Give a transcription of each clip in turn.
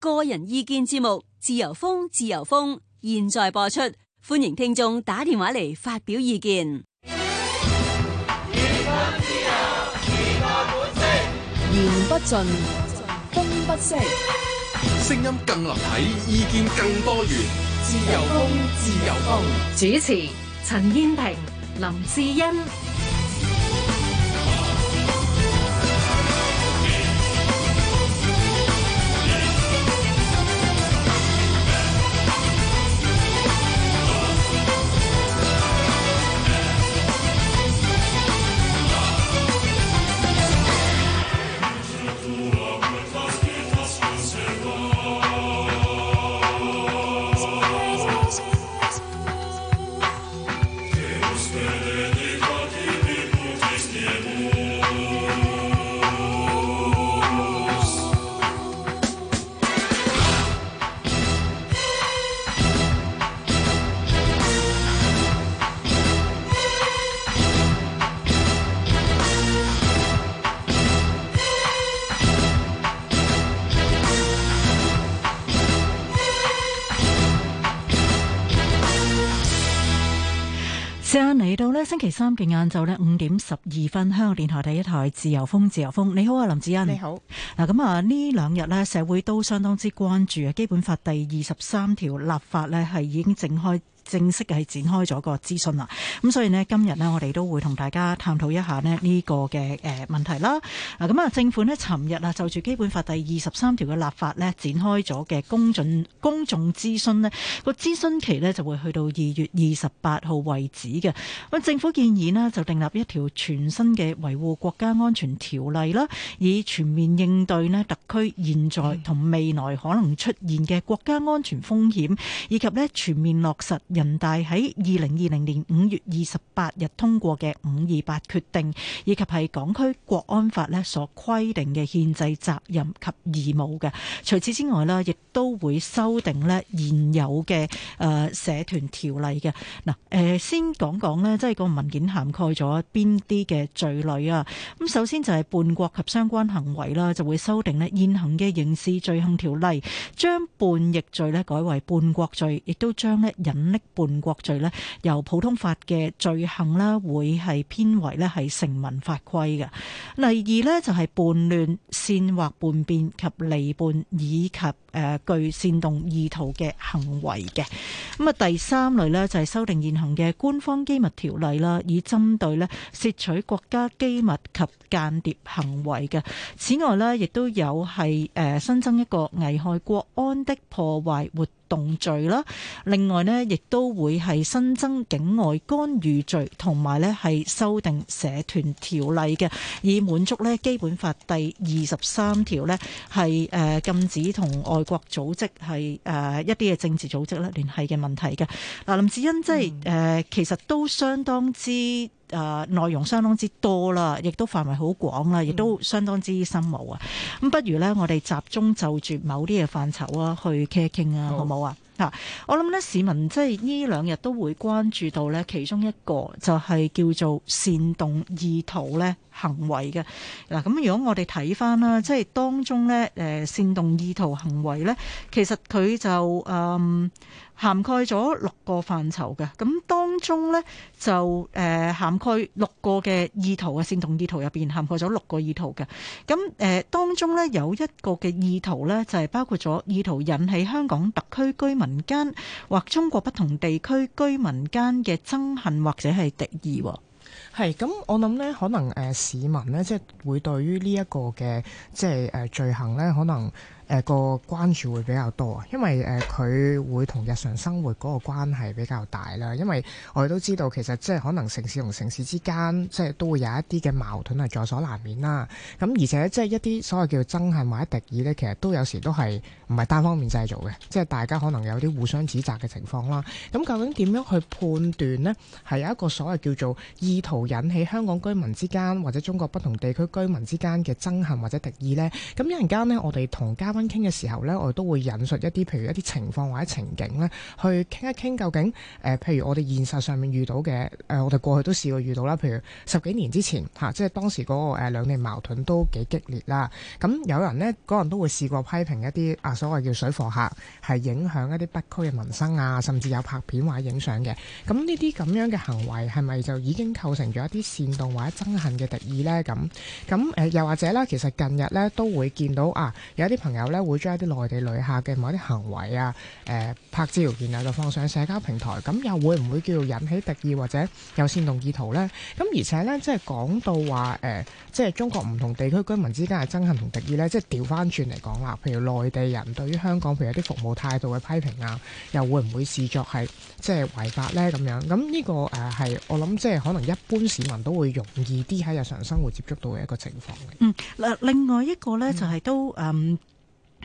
個人意見節目，自由風，自由風，現在播出，歡迎聽眾打電話嚟發表意見。自自由自本身言不盡，風不息，聲音更立體，意見更多元。自由風，自由風。主持：陳燕平、林志欣。星期三嘅晏晝呢，五點十二分，香港電台第一台自由風，自由風，你好啊，林子欣，你好。嗱，咁啊，呢兩日呢，社會都相當之關注啊，《基本法》第二十三條立法呢，係已經整開。正式係展開咗個諮詢啦，咁所以咧今日咧我哋都會同大家探討一下咧呢個嘅誒問題啦。啊咁啊，政府咧尋日啊就住基本法第二十三條嘅立法咧展開咗嘅公准公眾諮詢咧，個諮詢期咧就會去到二月二十八號為止嘅。咁政府建議咧就訂立一條全新嘅維護國家安全條例啦，以全面應對咧特區現在同未來可能出現嘅國家安全風險，以及咧全面落實。人大喺二零二零年五月二十八日通過嘅五二八決定，以及係港區國安法咧所規定嘅憲制責任及義務嘅。除此之外咧，亦都會修訂咧現有嘅誒社團條例嘅。嗱，誒先講講咧，即係個文件涵蓋咗邊啲嘅罪類啊。咁首先就係叛國及相關行為啦，就會修訂咧現行嘅刑事罪行條例，將叛逆罪咧改為叛國罪，亦都將咧引力。叛國罪咧，由普通法嘅罪行啦，會係編為咧係成文法規嘅。例二咧就係叛亂、煽惑叛變及離叛以及誒、呃、具煽動意圖嘅行為嘅。咁啊，第三類咧就係修訂現行嘅官方機密條例啦，以針對咧竊取國家機密及間諜行為嘅。此外咧，亦都有係誒、呃、新增一個危害國安的破壞活動動罪啦，另外呢，亦都會係新增境外干預罪，同埋呢係修訂社團條例嘅，以滿足呢基本法第二十三條呢係誒禁止同外國組織係誒一啲嘅政治組織咧聯繫嘅問題嘅。嗱，林志恩即係誒，其實都相當之。誒內容相當之多啦，亦都範圍好廣啦，亦都相當之深奧啊！咁不如咧，我哋集中就住某啲嘅範疇啊，去傾一傾啊，好冇啊？嗱，我諗咧，市民即係呢兩日都會關注到咧，其中一個就係、是、叫做煽動意圖咧，行為嘅。嗱，咁如果我哋睇返啦，即係當中咧，誒煽動意圖行為咧，其實佢就誒、嗯、涵蓋咗六個範疇嘅。咁當中咧就誒涵蓋六個嘅意圖嘅煽動意圖入邊涵蓋咗六個意圖嘅。咁誒當中咧有一個嘅意圖咧就係、是、包括咗意圖引起香港特區居民。民間或中國不同地區居民間嘅憎恨或者係敵意，係咁我諗呢，可能誒、呃、市民呢，即係會對於呢一個嘅即係誒、呃、罪行呢，可能。誒、呃、個關注會比較多啊，因為誒佢、呃、會同日常生活嗰個關係比較大啦。因為我哋都知道，其實即係可能城市同城市之間，即係都會有一啲嘅矛盾係在所難免啦。咁而且即係一啲所謂叫做憎恨或者敵意呢，其實都有時都係唔係單方面製造嘅，即、就、係、是、大家可能有啲互相指責嘅情況啦。咁究竟點樣去判斷呢？係有一個所謂叫做意圖引起香港居民之間或者中國不同地區居民之間嘅憎恨或者敵意呢？咁一人間呢，我哋同嘉。傾嘅時候呢，我哋都會引述一啲譬如一啲情況或者情景呢，去傾一傾究竟、呃、譬如我哋現實上面遇到嘅、呃、我哋過去都試過遇到啦。譬如十幾年之前、啊、即係當時嗰個、呃、兩地矛盾都幾激烈啦。咁有人呢，嗰人都會試過批評一啲啊所謂叫水貨客係影響一啲北區嘅民生啊，甚至有拍片或者影相嘅。咁呢啲咁樣嘅行為係咪就已經構成咗一啲煽動或者憎恨嘅敵意呢？咁咁、呃、又或者啦，其實近日呢，都會見到啊，有一啲朋友。咧會將一啲內地旅客嘅某一啲行為啊，誒、呃、拍照然後就放上社交平台，咁又會唔會叫做引起敵意或者有煽動意圖咧？咁而且咧，即係講到話誒、呃，即係中國唔同地區居民之間嘅憎恨同敵意咧，即係調翻轉嚟講啦。譬如內地人對於香港，譬如有啲服務態度嘅批評啊，又會唔會視作係即係違法咧？咁樣咁呢個誒係我諗，即係可能一般市民都會容易啲喺日常生活接觸到嘅一個情況嚟。嗯，嗱，另外一個咧就係、是、都誒。嗯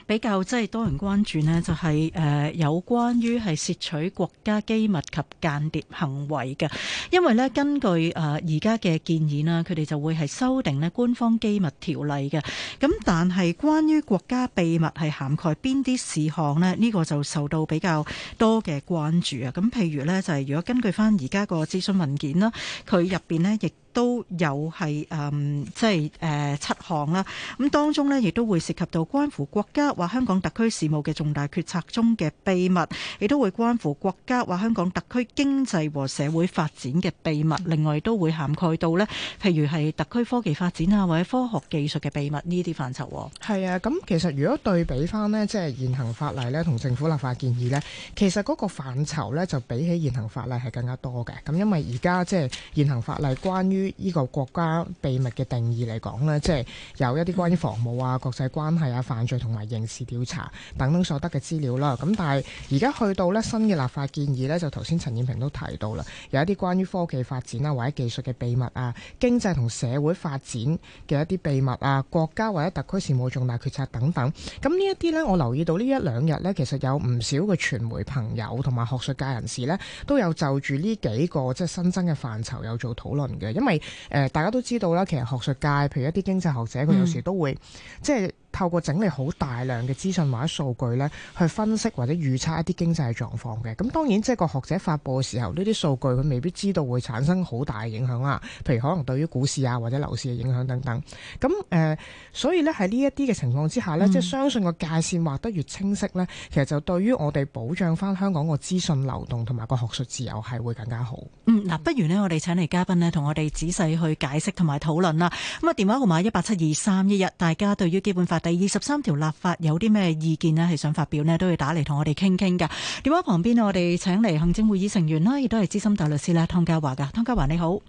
比較即係多人關注呢，就係、是、誒、呃、有關於係竊取國家機密及間諜行為嘅，因為咧根據誒而家嘅建議啦，佢哋就會係修訂咧官方機密條例嘅。咁但係關於國家秘密係涵蓋邊啲事項呢，呢、呢個就受到比較多嘅關注啊。咁譬如呢，就係、是、如果根據翻而家個諮詢文件啦，佢入邊呢亦。都有係誒、嗯、即係誒、呃、七項啦。咁當中咧，亦都會涉及到關乎國家或香港特區事務嘅重大決策中嘅秘密，亦都會關乎國家或香港特區經濟和社會發展嘅秘密。另外，都會涵蓋到咧，譬如係特區科技發展啊，或者科學技術嘅秘密呢啲範疇，係啊。咁其實如果對比翻咧，即係現行法例咧同政府立法建議咧，其實嗰個範疇咧就比起現行法例係更加多嘅。咁因為而家即係現行法例關於。於依個國家秘密嘅定義嚟講呢，即係有一啲關於防務啊、國際關係啊、犯罪同埋刑事調查等等所得嘅資料啦。咁但係而家去到呢新嘅立法建議呢，就頭先陳燕平都提到啦，有一啲關於科技發展啊、或者技術嘅秘密啊、經濟同社會發展嘅一啲秘密啊、國家或者特區事務重大決策等等。咁呢一啲呢，我留意到呢一兩日呢，其實有唔少嘅傳媒朋友同埋學術界人士呢，都有就住呢幾個即係新增嘅範疇有做討論嘅，因為誒，大家都知道啦，其實學術界，譬如一啲經濟學者，佢有時都會、嗯、即係。透過整理好大量嘅資訊或者數據咧，去分析或者預測一啲經濟嘅狀況嘅。咁當然即係個學者發布嘅時候，呢啲數據佢未必知道會產生好大嘅影響啦。譬如可能對於股市啊或者樓市嘅影響等等。咁誒、呃，所以呢，喺呢一啲嘅情況之下呢、嗯、即係相信個界線劃得越清晰呢，其實就對於我哋保障翻香港個資訊流動同埋個學術自由係會更加好。嗯，嗱、嗯啊，不如呢，我哋請嚟嘉賓呢，同我哋仔細去解釋同埋討論啦。咁啊電話號碼一八七二三一一，大家對於基本法第二十三條立法有啲咩意見呢？係想發表呢，都要打嚟同我哋傾傾㗎。電話旁邊，我哋請嚟行政會議成員啦，亦都係資深大律師啦，湯家驊㗎。湯家驊，你好。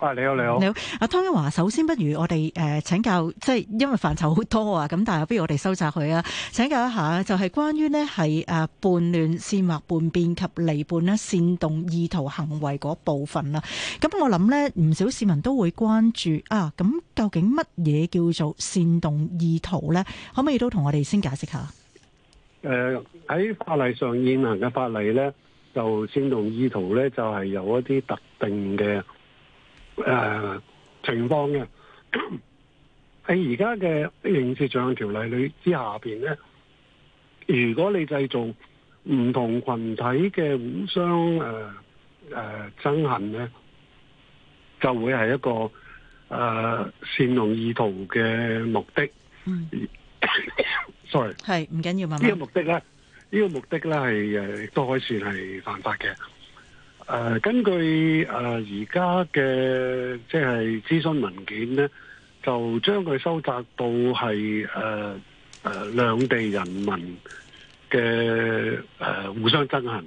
喂，你好，你好，你好。阿湯家驊，首先不如我哋誒請教，即係因為範疇好多啊，咁但係不如我哋收窄佢啊。請教一下，就係、是、關於呢係誒，叛亂、煽惑、叛變及離叛咧，煽動意圖行為嗰部分啦。咁我諗咧，唔少市民都會關注啊。咁究竟乜嘢叫做煽動意圖咧？可唔可以都同我哋先解釋下？誒、呃，喺法例上現行嘅法例咧，就煽動意圖咧，就係、是、有一啲特定嘅。誒、呃，情況嘅喺而家嘅刑事罪行條例裏之下邊咧，如果你製造唔同群體嘅互相誒誒憎恨咧，就會係一個誒煽、呃、動意圖嘅目的。嗯、 s o r r y 係唔緊要啊。呢個目的咧，呢、呢個目的咧係誒都可以算係犯法嘅。呃、根據誒而家嘅，即係諮詢文件呢，就將佢收集到係誒誒兩地人民嘅誒、呃、互相憎恨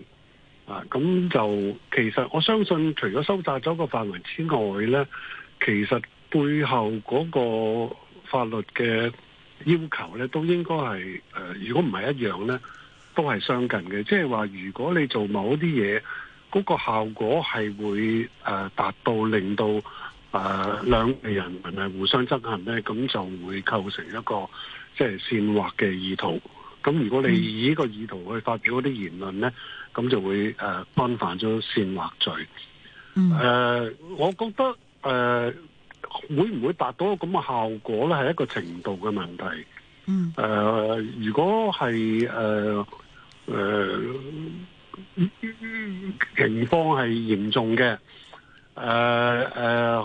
啊，咁就其實我相信除咗收集咗個範圍之外呢，其實背後嗰個法律嘅要求呢，都應該係誒，如果唔係一樣呢，都係相近嘅。即係話如果你做某啲嘢。嗰、那個效果係會誒、呃、達到令到誒、呃、兩地人民係互相憎恨咧，咁就會構成一個即係、就是、煽惑嘅意圖。咁如果你以呢個意圖去發表嗰啲言論咧，咁就會誒犯犯咗煽惑罪。誒、嗯呃，我覺得誒、呃、會唔會達到咁嘅效果咧，係一個程度嘅問題。誒、嗯呃，如果係誒誒。呃呃情況係嚴重嘅，誒誒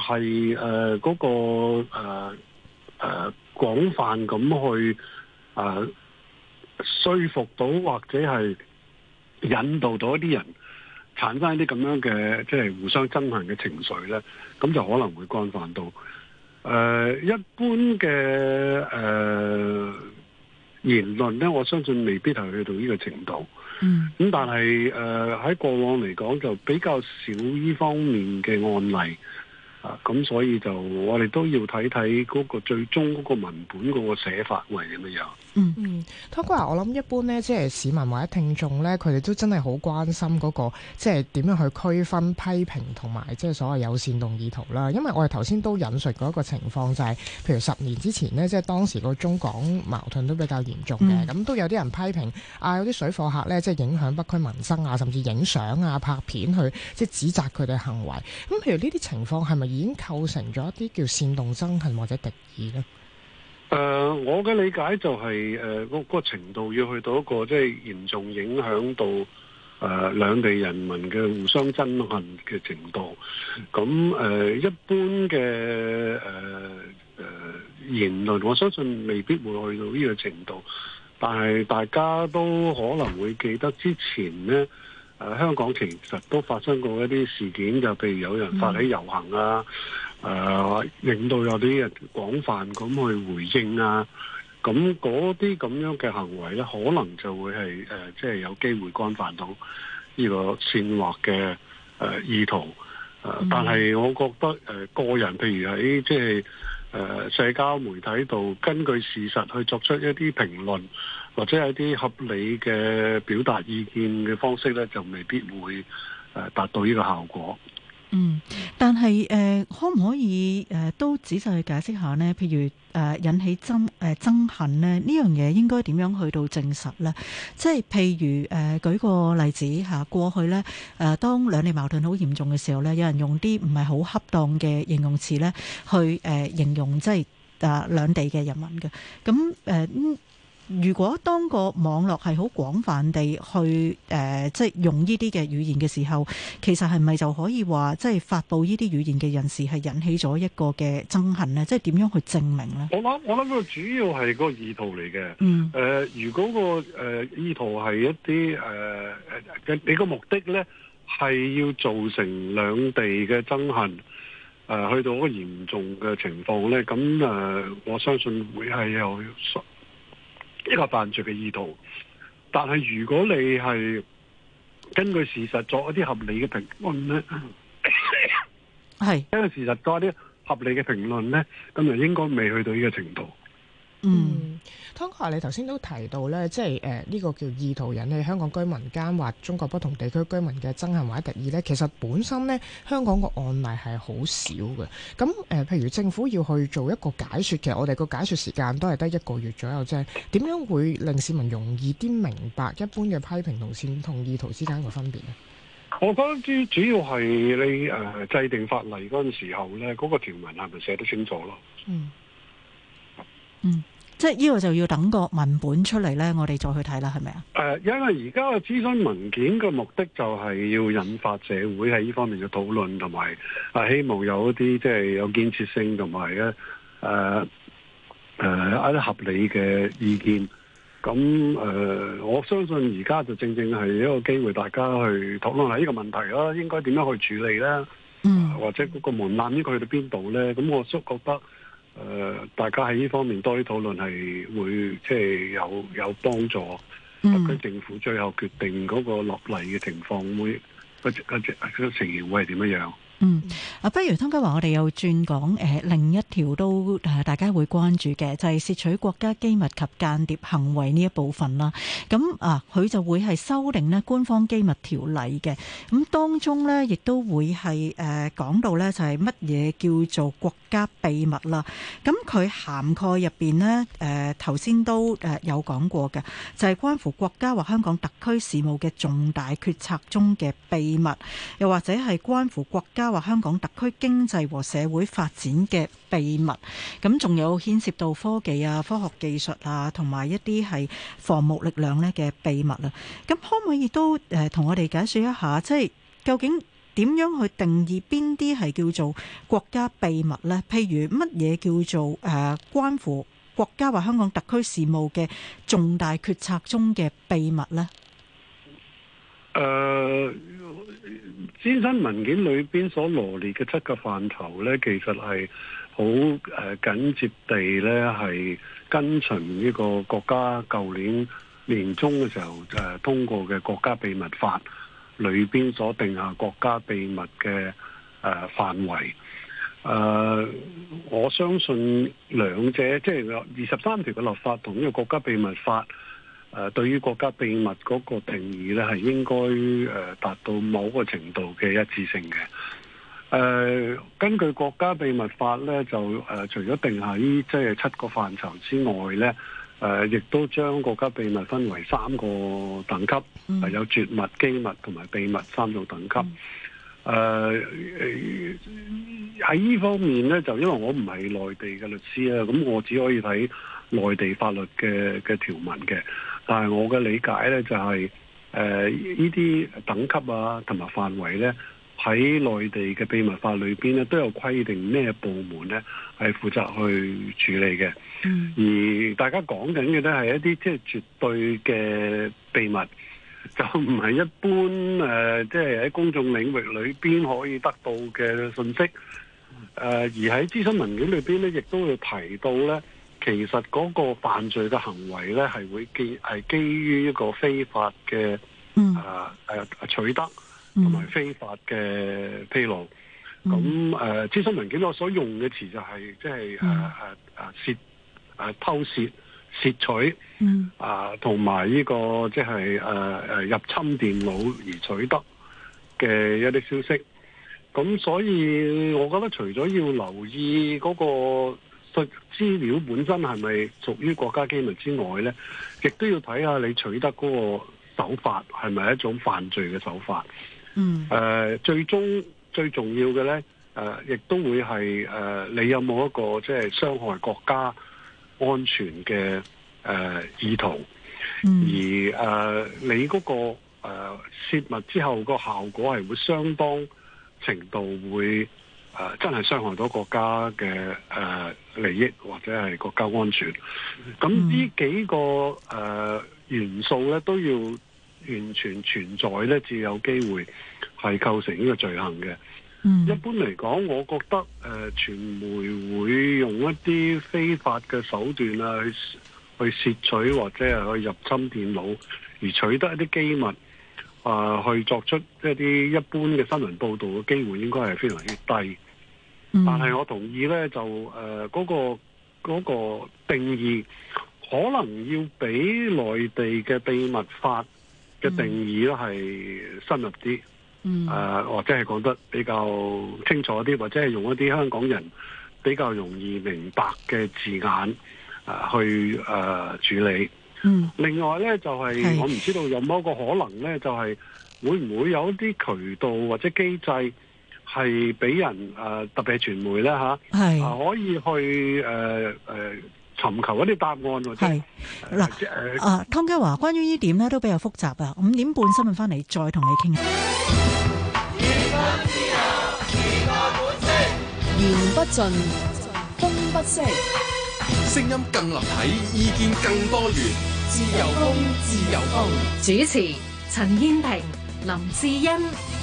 係誒嗰個誒誒廣泛咁去誒、呃、說服到或者係引導到一啲人產生一啲咁樣嘅即係互相憎恨嘅情緒咧，咁就可能會干犯到誒、呃、一般嘅誒、呃、言論咧，我相信未必係去到呢個程度。嗯，咁但係誒喺過往嚟講就比較少呢方面嘅案例啊，咁所以就我哋都要睇睇嗰個最終嗰個文本嗰個寫法係點樣樣。嗯嗯，湯、嗯、哥我諗一般咧，即係市民或者聽眾咧，佢哋都真係好關心嗰、那個，即係點樣去區分批評同埋即係所謂有煽動意圖啦。因為我哋頭先都引述過一個情況，就係、是、譬如十年之前咧，即係當時個中港矛盾都比較嚴重嘅，咁、嗯、都有啲人批評啊，有啲水貨客咧，即係影響北區民生啊，甚至影相啊、拍片去即係指責佢哋行為。咁譬如呢啲情況係咪已經構成咗一啲叫煽動憎恨或者敵意呢？誒、呃，我嘅理解就係、是、誒，呃嗰個程度要去到一個即係嚴重影響到誒兩、呃、地人民嘅互相憎恨嘅程度。咁誒、呃，一般嘅誒誒言論，我相信未必會去到呢個程度。但係大家都可能會記得之前呢，誒、呃、香港其實都發生過一啲事件，就譬如有人發起遊行啊。嗯誒、呃，令到有啲人廣泛咁去回應啊，咁嗰啲咁樣嘅行為咧，可能就會係誒，即、呃、係、就是、有機會干犯到呢個煽惑嘅誒意圖。誒、呃，但係我覺得誒、呃，個人譬如喺即係誒社交媒體度，根據事實去作出一啲評論，或者係一啲合理嘅表達意見嘅方式咧，就未必會誒達到呢個效果。嗯，但係誒、呃，可唔可以誒、呃、都仔細去解釋下呢？譬如誒、呃、引起爭誒、呃、憎恨呢呢樣嘢，應該點樣去到證實呢？即係譬如誒、呃、舉個例子吓，過去呢誒、呃、當兩地矛盾好嚴重嘅時候呢，有人用啲唔係好恰當嘅形容詞呢去誒、呃、形容即係誒兩地嘅人民嘅，咁誒。呃如果當個網絡係好廣泛地去誒、呃，即係用呢啲嘅語言嘅時候，其實係咪就可以話即係發布呢啲語言嘅人士係引起咗一個嘅憎恨呢？即係點樣去證明呢？我諗，我諗個主要係個意圖嚟嘅。嗯。誒、呃，如果個誒意圖係一啲誒、呃、你個目的咧係要造成兩地嘅憎恨，誒、呃、去到一個嚴重嘅情況咧，咁誒、呃，我相信會係有。一個犯罪嘅意圖，但係如果你係根據事實作一啲合理嘅評論咧，係、mm. 根據事實作一啲合理嘅評論咧，咁就應該未去到呢個程度。嗯，湯哥你頭先都提到呢，即係誒呢個叫意圖引起香港居民間或中國不同地區居民嘅憎恨或者敵意呢，其實本身呢，香港個案例係好少嘅。咁誒、呃，譬如政府要去做一個解説嘅，其實我哋個解説時間都係得一個月左右啫。點樣會令市民容易啲明白一般嘅批評同煽動同意圖之間嘅分別呢？我覺得主要係你誒、呃、制定法例嗰陣時候呢，嗰、那個條文係咪寫得清楚咯？嗯。嗯。即係呢個就要等個文本出嚟，呢，我哋再去睇啦，係咪啊？誒、呃，因為而家嘅諮詢文件嘅目的就係要引發社會喺呢方面嘅討論，同埋啊，希望有一啲即係有建設性同埋咧，誒誒一啲合理嘅意見。咁誒、呃，我相信而家就正正係一個機會，大家去討論下呢個問題咯，應該點樣去處理咧？嗯，或者嗰個門檻應該去到邊度呢？咁我都覺得。嗯呃、大家喺呢方面多啲討論係會即係、就是、有有幫助。特區政府最後決定嗰個落嚟嘅情況會只只成員會係點樣樣。嗯，啊，不如湯家驊，我哋又轉講誒另一條都誒大家會關注嘅，就係、是，竊取國家機密及間諜行為呢一部分啦。咁啊，佢、啊、就會係修訂咧官方機密條例嘅。咁當中咧，亦都會係誒講到咧就係乜嘢叫做國家秘密啦。咁、啊、佢涵蓋入邊咧誒頭先都誒有講過嘅，就係、是，關乎國家或香港特區事務嘅重大決策中嘅秘密，又或者係關乎國家。家或香港特區經濟和社會發展嘅秘密，咁仲有牽涉到科技啊、科學技術啊，同埋一啲係防務力量呢嘅秘密啦。咁可唔可以都誒同我哋解釋一下，即係究竟點樣去定義邊啲係叫做國家秘密呢？譬如乜嘢叫做誒關乎國家或香港特區事務嘅重大決策中嘅秘密呢？誒，諮詢文件裏邊所羅列嘅七個範疇呢，其實係好誒緊接地呢，係跟隨呢個國家舊年年中嘅時候誒、uh, 通過嘅國家秘密法裏邊所定下國家秘密嘅誒、uh, 範圍。誒、uh，我相信兩者即係二十三條嘅立法同呢、呢個國家秘密法。誒，對於國家秘密嗰個定義咧，係應該誒達到某個程度嘅一致性嘅。誒、呃、根據國家秘密法咧，就誒、呃、除咗定喺即係七個範疇之外咧，誒、呃、亦都將國家秘密分為三個等級，係、嗯、有絕密、機密同埋秘密三種等級。誒，喺呢方面咧，就因為我唔係內地嘅律師啊，咁我只可以睇內地法律嘅嘅條文嘅，但係我嘅理解呢、就係，就係誒呢啲等級啊，同埋範圍呢，喺內地嘅秘密法裏面呢都有規定咩部門呢係負責去處理嘅。而大家講緊嘅呢，係一啲即係絕對嘅秘密，就唔係一般誒，即係喺公眾領域裏面可以得到嘅信息。誒、呃，而喺諮詢文件裏面呢，亦都會提到呢。其實嗰個犯罪嘅行為咧，係會基係基於一個非法嘅、嗯、啊誒、啊、取得，同、嗯、埋非法嘅披露。咁、嗯、誒，諮詢、呃、文件我所用嘅詞就係即係誒誒誒竊誒偷竊竊取，嗯、啊，同埋呢個即係誒誒入侵電腦而取得嘅一啲消息。咁所以，我覺得除咗要留意嗰、嗰個資料本身係咪屬於國家機密之外呢，亦都要睇下你取得嗰個手法係咪一種犯罪嘅手法。嗯。呃、最終最重要嘅呢，亦、呃、都會係、呃、你有冇一個即係、就是、傷害國家安全嘅、呃、意圖。嗯、而、呃、你嗰、嗰個誒、呃、泄密之後個效果係會相當程度會。誒真係傷害到國家嘅誒利益或者係國家安全，咁呢幾個誒元素咧都要完全存在咧，至有機會係構成呢個罪行嘅。一般嚟講，我覺得誒傳媒會用一啲非法嘅手段啊，去去竊取或者係去入侵電腦而取得一啲機密，啊，去作出一啲一般嘅新聞報導嘅機會，應該係非常之低。嗯、但係我同意呢，就誒嗰，呃那個、那個定義，可能要比內地嘅秘密法嘅定義咧係深入啲。嗯。誒、嗯呃，或者係講得比較清楚啲，或者係用一啲香港人比較容易明白嘅字眼誒、呃、去誒、呃、處理、嗯。另外呢，就係、是、我唔知道有冇一個可能呢，就係、是、會唔會有一啲渠道或者機制？係俾人誒，特別係傳媒咧嚇，可以去誒誒尋求一啲答案喎。係嗱，即係啊，湯家驊，關於呢點咧都比較複雜啊。五點半新聞翻嚟再同你傾。言不盡，風不息，聲音更立體，意見更多元，自由風，自由風。主持：陳燕萍、林志欣。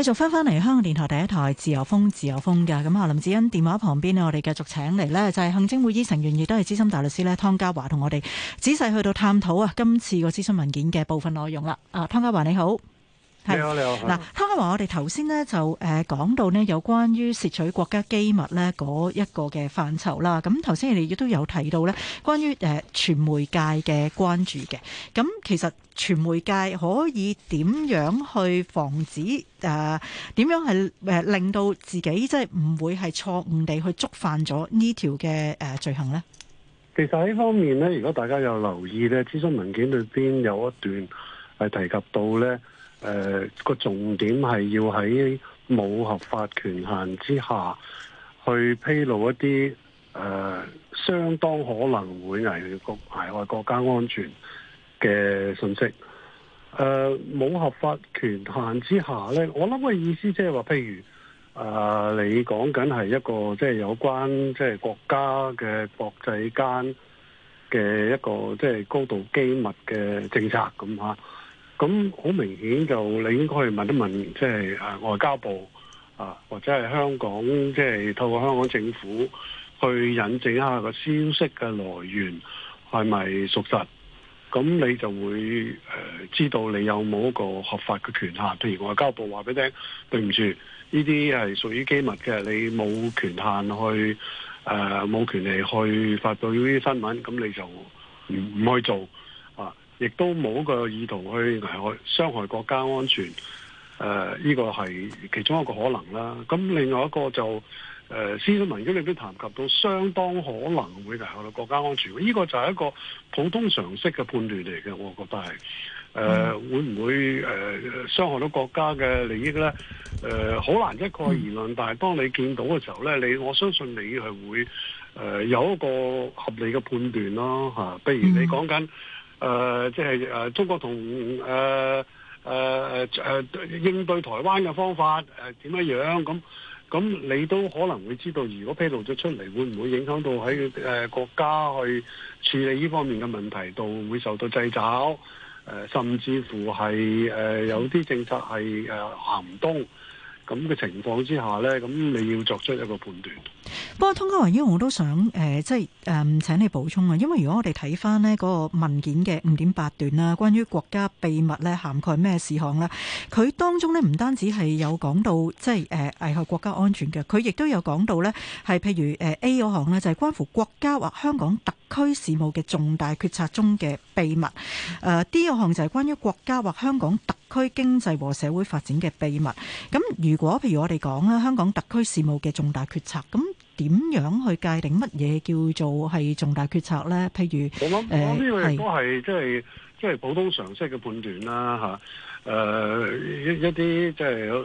繼續翻翻嚟，香港電台第一台自由風自由風嘅。咁啊林子恩，電話旁邊呢，我哋繼續請嚟呢，就係行政會議成員亦都係資深大律師呢，湯家驊同我哋仔細去到探討啊今次個諮詢文件嘅部分內容啦啊湯家驊你好。你好，你好。嗱，湯家驊，我哋頭先咧就誒講到呢，有關於竊取國家機密呢嗰一個嘅範疇啦。咁頭先你亦都有提到呢，關於誒傳媒界嘅關注嘅。咁其實傳媒界可以點樣去防止誒？點樣係誒令到自己即係唔會係錯誤地去觸犯咗呢條嘅誒罪行呢？其實喺呢方面呢，如果大家有留意呢，諮詢文件裏邊有一段係提及到呢。誒、呃，個重點係要喺冇合法權限之下去披露一啲誒、呃，相當可能會危國危害國家安全嘅信息。誒、呃，冇合法權限之下呢，我諗嘅意思即係話，譬如誒、呃，你講緊係一個即係、就是、有關即係、就是、國家嘅國際間嘅一個即係、就是、高度機密嘅政策咁吓。咁好明顯就你應該去問一問，即係呃，外交部啊，或者係香港，即係透過香港政府去引證一下個消息嘅來源係咪屬實。咁你就會、呃、知道你有冇一個合法嘅權限。譬如外交部話俾你聽，對唔住，呢啲係屬於機密嘅，你冇權限去，呃，冇權利去發佈呢啲新聞，咁你就唔唔可以做。亦都冇個意圖去危害、傷害國家安全，誒呢個係其中一個可能啦。咁另外一個就誒，先、呃、生文稿裏邊談及到，相當可能會危害到國家安全。呢、這個就係一個普通常識嘅判斷嚟嘅，我覺得係誒、呃、會唔會誒、呃、傷害到國家嘅利益咧？誒、呃、好難一概而論，嗯、但係當你見到嘅時候咧，你我相信你係會誒、呃、有一個合理嘅判斷咯嚇。譬、啊、如你講緊。誒、呃，即係誒，中國同誒誒誒應對台灣嘅方法誒點、呃、樣樣咁咁，那那你都可能會知道，如果披露咗出嚟，會唔會影響到喺誒、呃、國家去處理呢方面嘅問題度會受到制找誒、呃，甚至乎係誒、呃、有啲政策係、呃、行唔通。咁嘅情況之下呢，咁你要作出一個判斷。不過，通哥，由於我都想誒，即係誒請你補充啊，因為如果我哋睇翻呢嗰個文件嘅五點八段啦，關於國家秘密呢，涵蓋咩事項咧，佢當中呢，唔單止係有講到即係誒危害國家安全嘅，佢亦都有講到呢，係譬如誒 A 嗰項咧就係關乎國家或香港特區事務嘅重大決策中嘅秘密。誒、嗯、D 嗰項就係關於國家或香港特區經濟和社會發展嘅秘密，咁如果譬如我哋講啦，香港特區事務嘅重大決策，咁點樣去界定乜嘢叫做係重大決策咧？譬如，我諗呢個都係即係即係普通常識嘅判斷啦，吓，誒一一啲即係誒，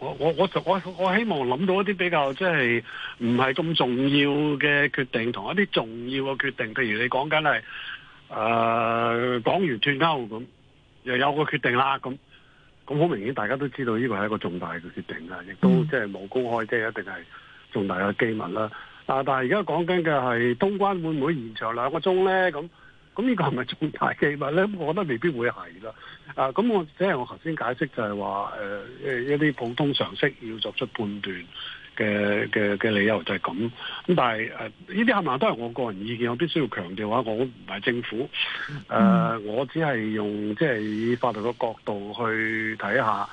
我我我我我希望諗到一啲比較即係唔係咁重要嘅決定，同一啲重要嘅決定，譬如你講緊係。誒、呃，講完斷交，咁，又有個決定啦，咁咁好明顯，大家都知道呢個係一個重大嘅決定啦，亦都即係冇公開，即係一定係重大嘅機密啦、啊。但係而家講緊嘅係通關會唔會延長兩個鐘呢？咁咁呢個係咪重大機密呢？我覺得未必會係啦。啊，咁我即係、就是、我頭先解釋就係話，誒、呃，一啲普通常識要作出判斷。嘅嘅嘅理由就係咁，咁但係誒，呢啲係咪都係我個人意見？我必須要強調嘅話，我唔係政府，誒、呃，mm. 我只係用即係以法律嘅角度去睇下，誒、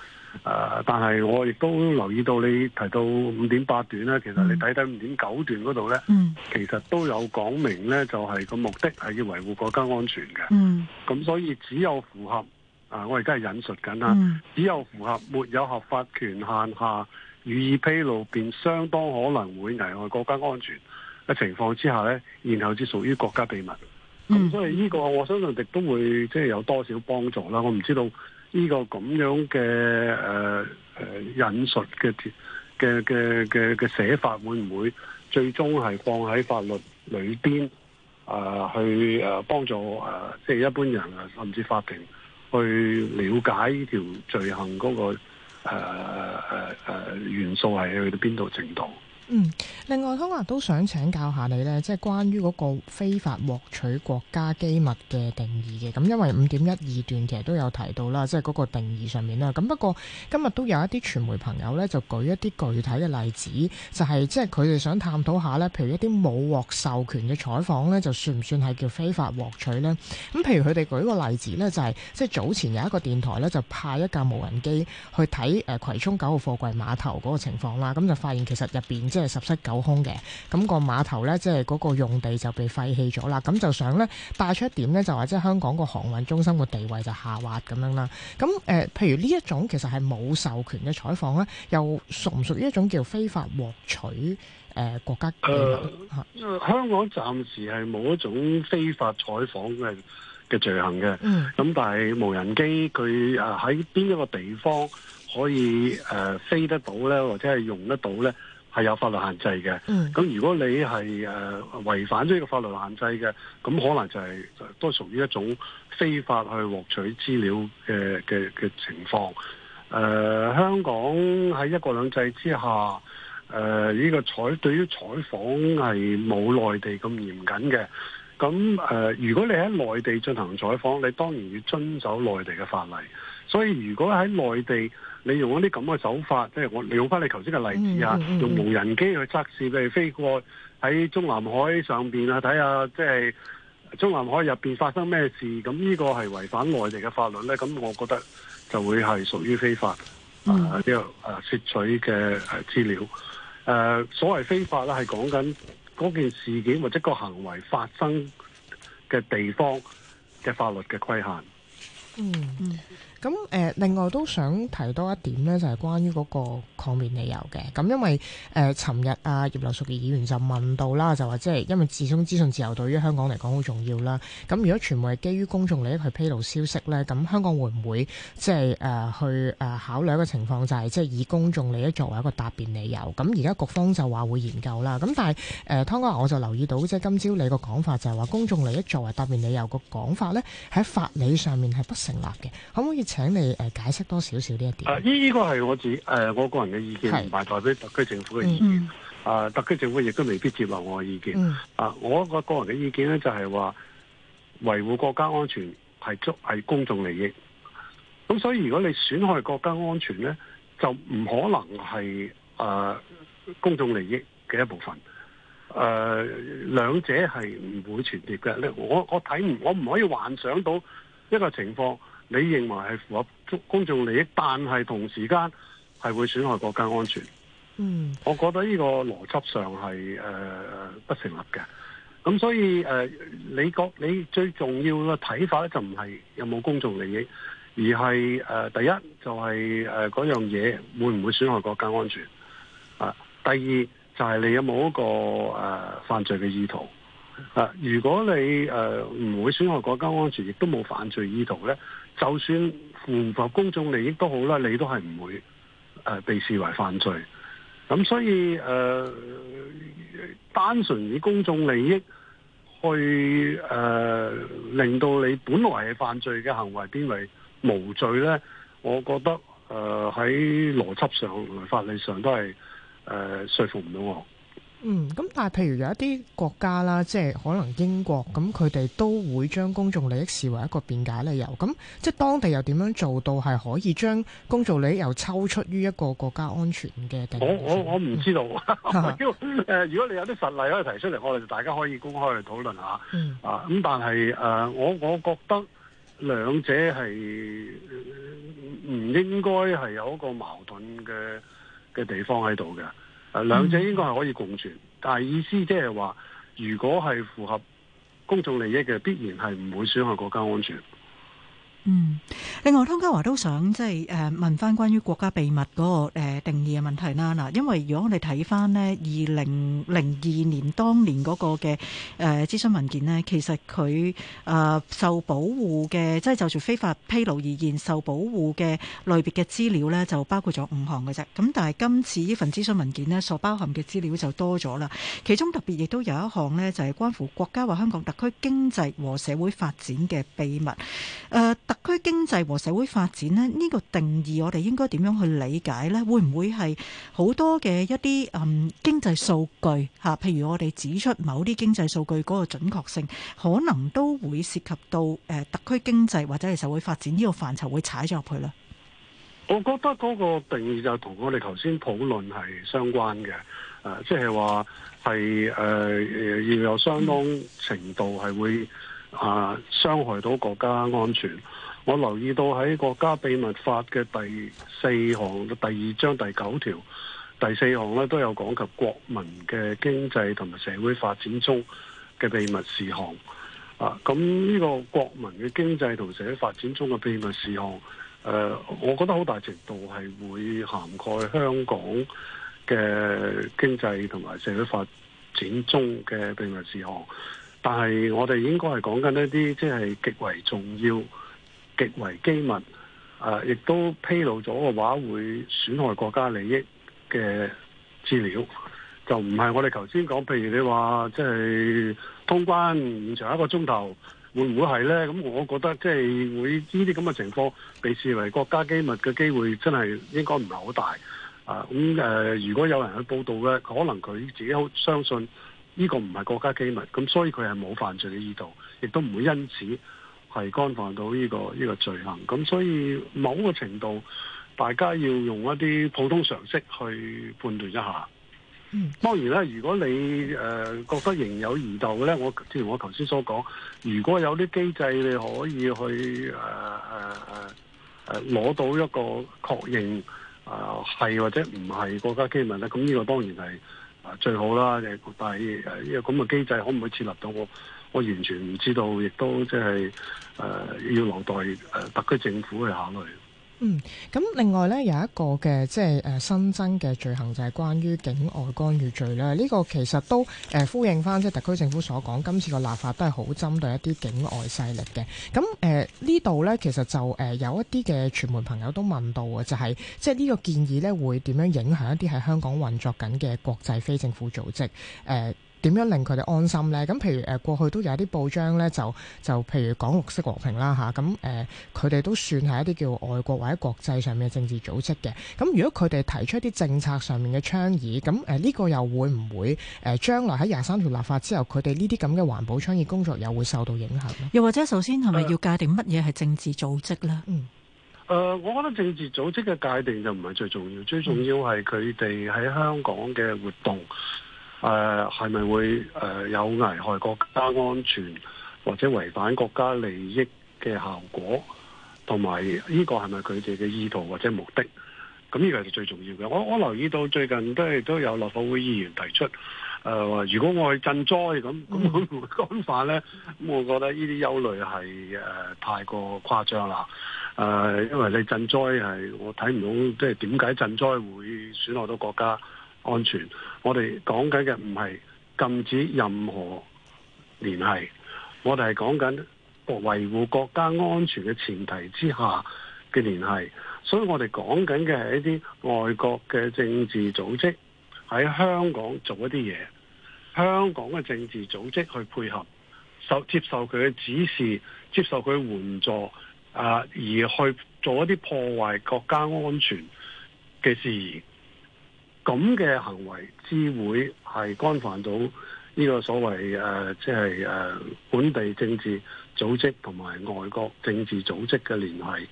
呃，但係我亦都留意到你提到五點八段咧，其實你睇睇五點九段嗰度咧，mm. 其實都有講明咧，就係個目的係要維護國家安全嘅，咁、mm. 所以只有符合，啊、呃，我而家係引述緊啦，mm. 只有符合沒有合法權限下，予以披露便相當可能會危害國家安全嘅情況之下咧，然後至屬於國家秘密。咁、嗯、所以呢個我相信亦都會即係有多少幫助啦。我唔知道呢個咁樣嘅誒誒引述嘅嘅嘅嘅寫法會唔會最終係放喺法律裏邊、呃、去誒幫助誒即係一般人啊甚至法庭去了解呢條罪行嗰個。誒誒誒誒，元素係去到邊度程度？嗯，另外通話都想請教下你呢，即係、就是、關於嗰個非法獲取國家機密嘅定義嘅。咁因為五點一二段其實都有提到啦，即係嗰個定義上面啦。咁不過今日都有一啲傳媒朋友呢，就舉一啲具體嘅例子，就係即係佢哋想探討下呢。譬如一啲冇獲授權嘅採訪呢，就算唔算係叫非法獲取呢？咁譬如佢哋舉個例子呢，就係即係早前有一個電台呢，就派一架無人機去睇誒、呃、葵涌九號貨櫃碼頭嗰個情況啦，咁就發現其實入邊即係十室九空嘅，咁、嗰個碼頭咧，即係嗰個用地就被廢棄咗啦。咁就想咧，帶出一點咧，就話即係香港個航運中心個地位就下滑咁樣啦。咁誒、呃，譬如呢一種其實係冇授權嘅採訪咧，又屬唔屬於一種叫非法獲取誒、呃、國家機？誒、呃呃，香港暫時係冇一種非法採訪嘅嘅罪行嘅。咁、嗯、但係無人機，佢誒喺邊一個地方可以誒、呃、飛得到咧，或者係用得到咧？係有法律限制嘅，咁如果你係誒違反咗呢個法律限制嘅，咁可能就係、係、都係屬於一種非法去獲取資料嘅嘅嘅情況。呃、香港喺一國兩制之下，誒、呃、呢、呢個採對於採訪係冇內地咁嚴謹嘅。咁、呃、如果你喺內地進行採訪，你當然要遵守內地嘅法例。所以如果喺內地，你用一啲咁嘅手法，即係我利用翻你頭先嘅例子啊，用無人機去測試，譬如飛過喺中南海上邊啊，睇下即係中南海入邊發生咩事，咁呢個係違反內地嘅法律咧？咁我覺得就會係屬於非法、嗯、啊，即係啊，攝取嘅誒資料。誒、啊，所謂非法咧，係講緊嗰件事件或者個行為發生嘅地方嘅法律嘅規限。嗯。咁誒、呃，另外都想提多一點咧，就係、是、關於嗰個抗辯理由嘅。咁因為誒，尋、呃、日啊，葉劉淑儀議員就問到啦，就話即係因為自由資訊自由對於香港嚟講好重要啦。咁如果傳媒係基於公眾利益去披露消息咧，咁香港會唔會即、就、係、是呃、去、呃、考慮一個情況，就係即係以公眾利益作為一個答辯理由？咁而家局方就話會研究啦。咁但係誒，湯、呃、哥我就留意到，即係今朝你個講法就係話公眾利益作為答辯理由個講法咧，喺法理上面係不成立嘅。可唔可以？請你誒解釋多少少呢一啲。啊，依依個係我自誒、呃、我個人嘅意見，唔係代表特區政府嘅意見。啊、嗯呃，特區政府亦都未必接納我嘅意見、嗯。啊，我個個人嘅意見咧就係、是、話，維護國家安全係足係公眾利益。咁所以如果你損害國家安全咧，就唔可能係誒、呃、公眾利益嘅一部分。誒、呃，兩者係唔會存疊嘅。咧我我睇唔我唔可以幻想到一個情況。你認為係符合公眾利益，但係同時間係會損害國家安全。嗯，我覺得呢個邏輯上係不成立嘅。咁所以你覺你最重要嘅睇法咧，就唔係有冇公眾利益，而係第一就係誒嗰樣嘢會唔會損害國家安全啊？第二就係你有冇一個犯罪嘅意圖啊？如果你誒唔會損害國家安全，亦都冇犯罪意圖咧。就算符唔符合公眾利益都好啦，你都係唔會誒被視為犯罪。咁所以誒、呃，單純以公眾利益去誒、呃、令到你本來係犯罪嘅行為變為無罪咧，我覺得誒喺邏輯上同埋法理上都係誒、呃、說服唔到我。嗯，咁但係譬如有一啲國家啦，即係可能英國，咁佢哋都會將公眾利益視為一個辯解理由。咁即係當地又點樣做到係可以將公眾理由抽出於一個國家安全嘅地方？我我我唔知道，嗯。 如果你有啲實例可以提出嚟，我哋大家可以公開去討論下，嗯。啊，咁但係、呃、我我覺得兩者係唔應該係有一個矛盾嘅嘅地方喺度嘅。兩、嗯、者應該係可以共存，但係意思即係話，如果係符合公眾利益嘅，必然係唔會損害國家安全。嗯，另外湯家驊都想即係誒問翻關於國家秘密嗰個誒定義嘅問題啦嗱，因為如果我哋睇翻呢，二零零二年當年嗰個嘅誒諮詢文件呢，其實佢誒受保護嘅即係就住，是，非法披露而言受保護嘅類別嘅資料呢，就包括咗五項嘅啫。咁但係今次呢份諮詢文件呢，所包含嘅資料就多咗啦，其中特別亦都有一項呢，就係關乎國家或香港特區經濟和社會發展嘅秘密誒。呃特區經濟和社會發展呢，呢、呢個定義，我哋應該點樣去理解呢？會唔會係好多嘅一啲嗯經濟數據吓、啊？譬如我哋指出某啲經濟數據嗰個準確性，可能都會涉及到誒、呃、特區經濟或者係社會發展呢個範疇，會踩咗入去呢？我覺得嗰個定義就同我哋頭先討論係相關嘅，誒、啊，即係話係誒要有相當程度係會啊傷害到國家安全。我留意到喺《國家秘密法》嘅第四項、第二章第九條第四項咧，都有講及國民嘅經濟同埋社會發展中嘅秘密事項。啊，咁呢個國民嘅經濟同社會發展中嘅秘密事項，誒、呃，我覺得好大程度係會涵蓋香港嘅經濟同埋社會發展中嘅秘密事項。但係我哋應該係講緊一啲，即係極為重要。極為機密，誒、呃，亦都披露咗嘅話，會損害國家利益嘅資料，就唔係我哋頭先講。譬如你話，即、就、係、是、通關延長一個鐘頭，會唔會係咧？咁我覺得即係、就是、會呢啲咁嘅情況，被視為國家機密嘅機會真的，真係應該唔係好大啊。咁、呃、誒，如果有人去報道咧，可能佢自己好相信呢個唔係國家機密，咁所以佢係冇犯罪嘅意圖，亦都唔會因此。係干犯到呢、這個呢、這個罪行，咁所以某個程度，大家要用一啲普通常識去判斷一下。嗯，當然啦，如果你誒、呃、覺得仍有疑竇咧，我正如我頭先所講，如果有啲機制你可以去誒誒誒誒攞到一個確認啊，係、呃、或者唔係國家機密咧，咁呢個當然係啊最好啦。但係呢個咁嘅機制可唔可以設立到我，我完全唔知道，亦都即係要留待、呃、特區政府去考慮。嗯，咁另外呢，有一個嘅即係新增嘅罪行就係、是、關於境外干預罪啦。呢、這個其實都、呃、呼應翻即係特區政府所講，今次個立法都係好針對一啲境外勢力嘅。咁誒呢度呢，其實就誒、呃、有一啲嘅傳媒朋友都問到啊，就係、是、即係呢個建議呢，會點樣影響一啲喺香港運作緊嘅國際非政府組織。誒。呃點樣令佢哋安心呢？咁譬如誒，過去都有一啲報章呢，就就譬如講綠色和平啦，吓，咁誒，佢哋都算係一啲叫外國或者國際上面嘅政治組織嘅。咁如果佢哋提出一啲政策上面嘅倡議，咁誒呢個又會唔會誒將來喺廿三條立法之後，佢哋呢啲咁嘅環保倡議工作又會受到影響呢？又或者首先係咪要界定乜嘢係政治組織呢？嗯、呃，誒、呃，我覺得政治組織嘅界定就唔係最重要，最重要係佢哋喺香港嘅活動。誒係咪會誒、呃、有危害國家安全或者違反國家利益嘅效果，同埋呢個係咪佢哋嘅意圖或者目的？咁呢個係最重要嘅。我我留意到最近都都有立法會議員提出誒、呃，如果我去賑災咁，咁會唔會干犯咧？咁、mm. 我覺得呢啲憂慮係誒、呃、太過誇張啦。誒、呃，因為你賑災係我睇唔到，即係點解賑災會損害到國家安全，我哋講緊嘅唔係禁止任何聯繫，我哋係講緊維護國家安全嘅前提之下嘅聯繫，所以我哋講緊嘅係一啲外國嘅政治組織喺香港做一啲嘢，香港嘅政治組織去配合受接受佢嘅指示，接受佢援助啊，而去做一啲破壞國家安全嘅事宜。咁嘅行為至會係干犯到呢個所謂誒，即係誒，本地政治組織同埋外國政治組織嘅聯繫。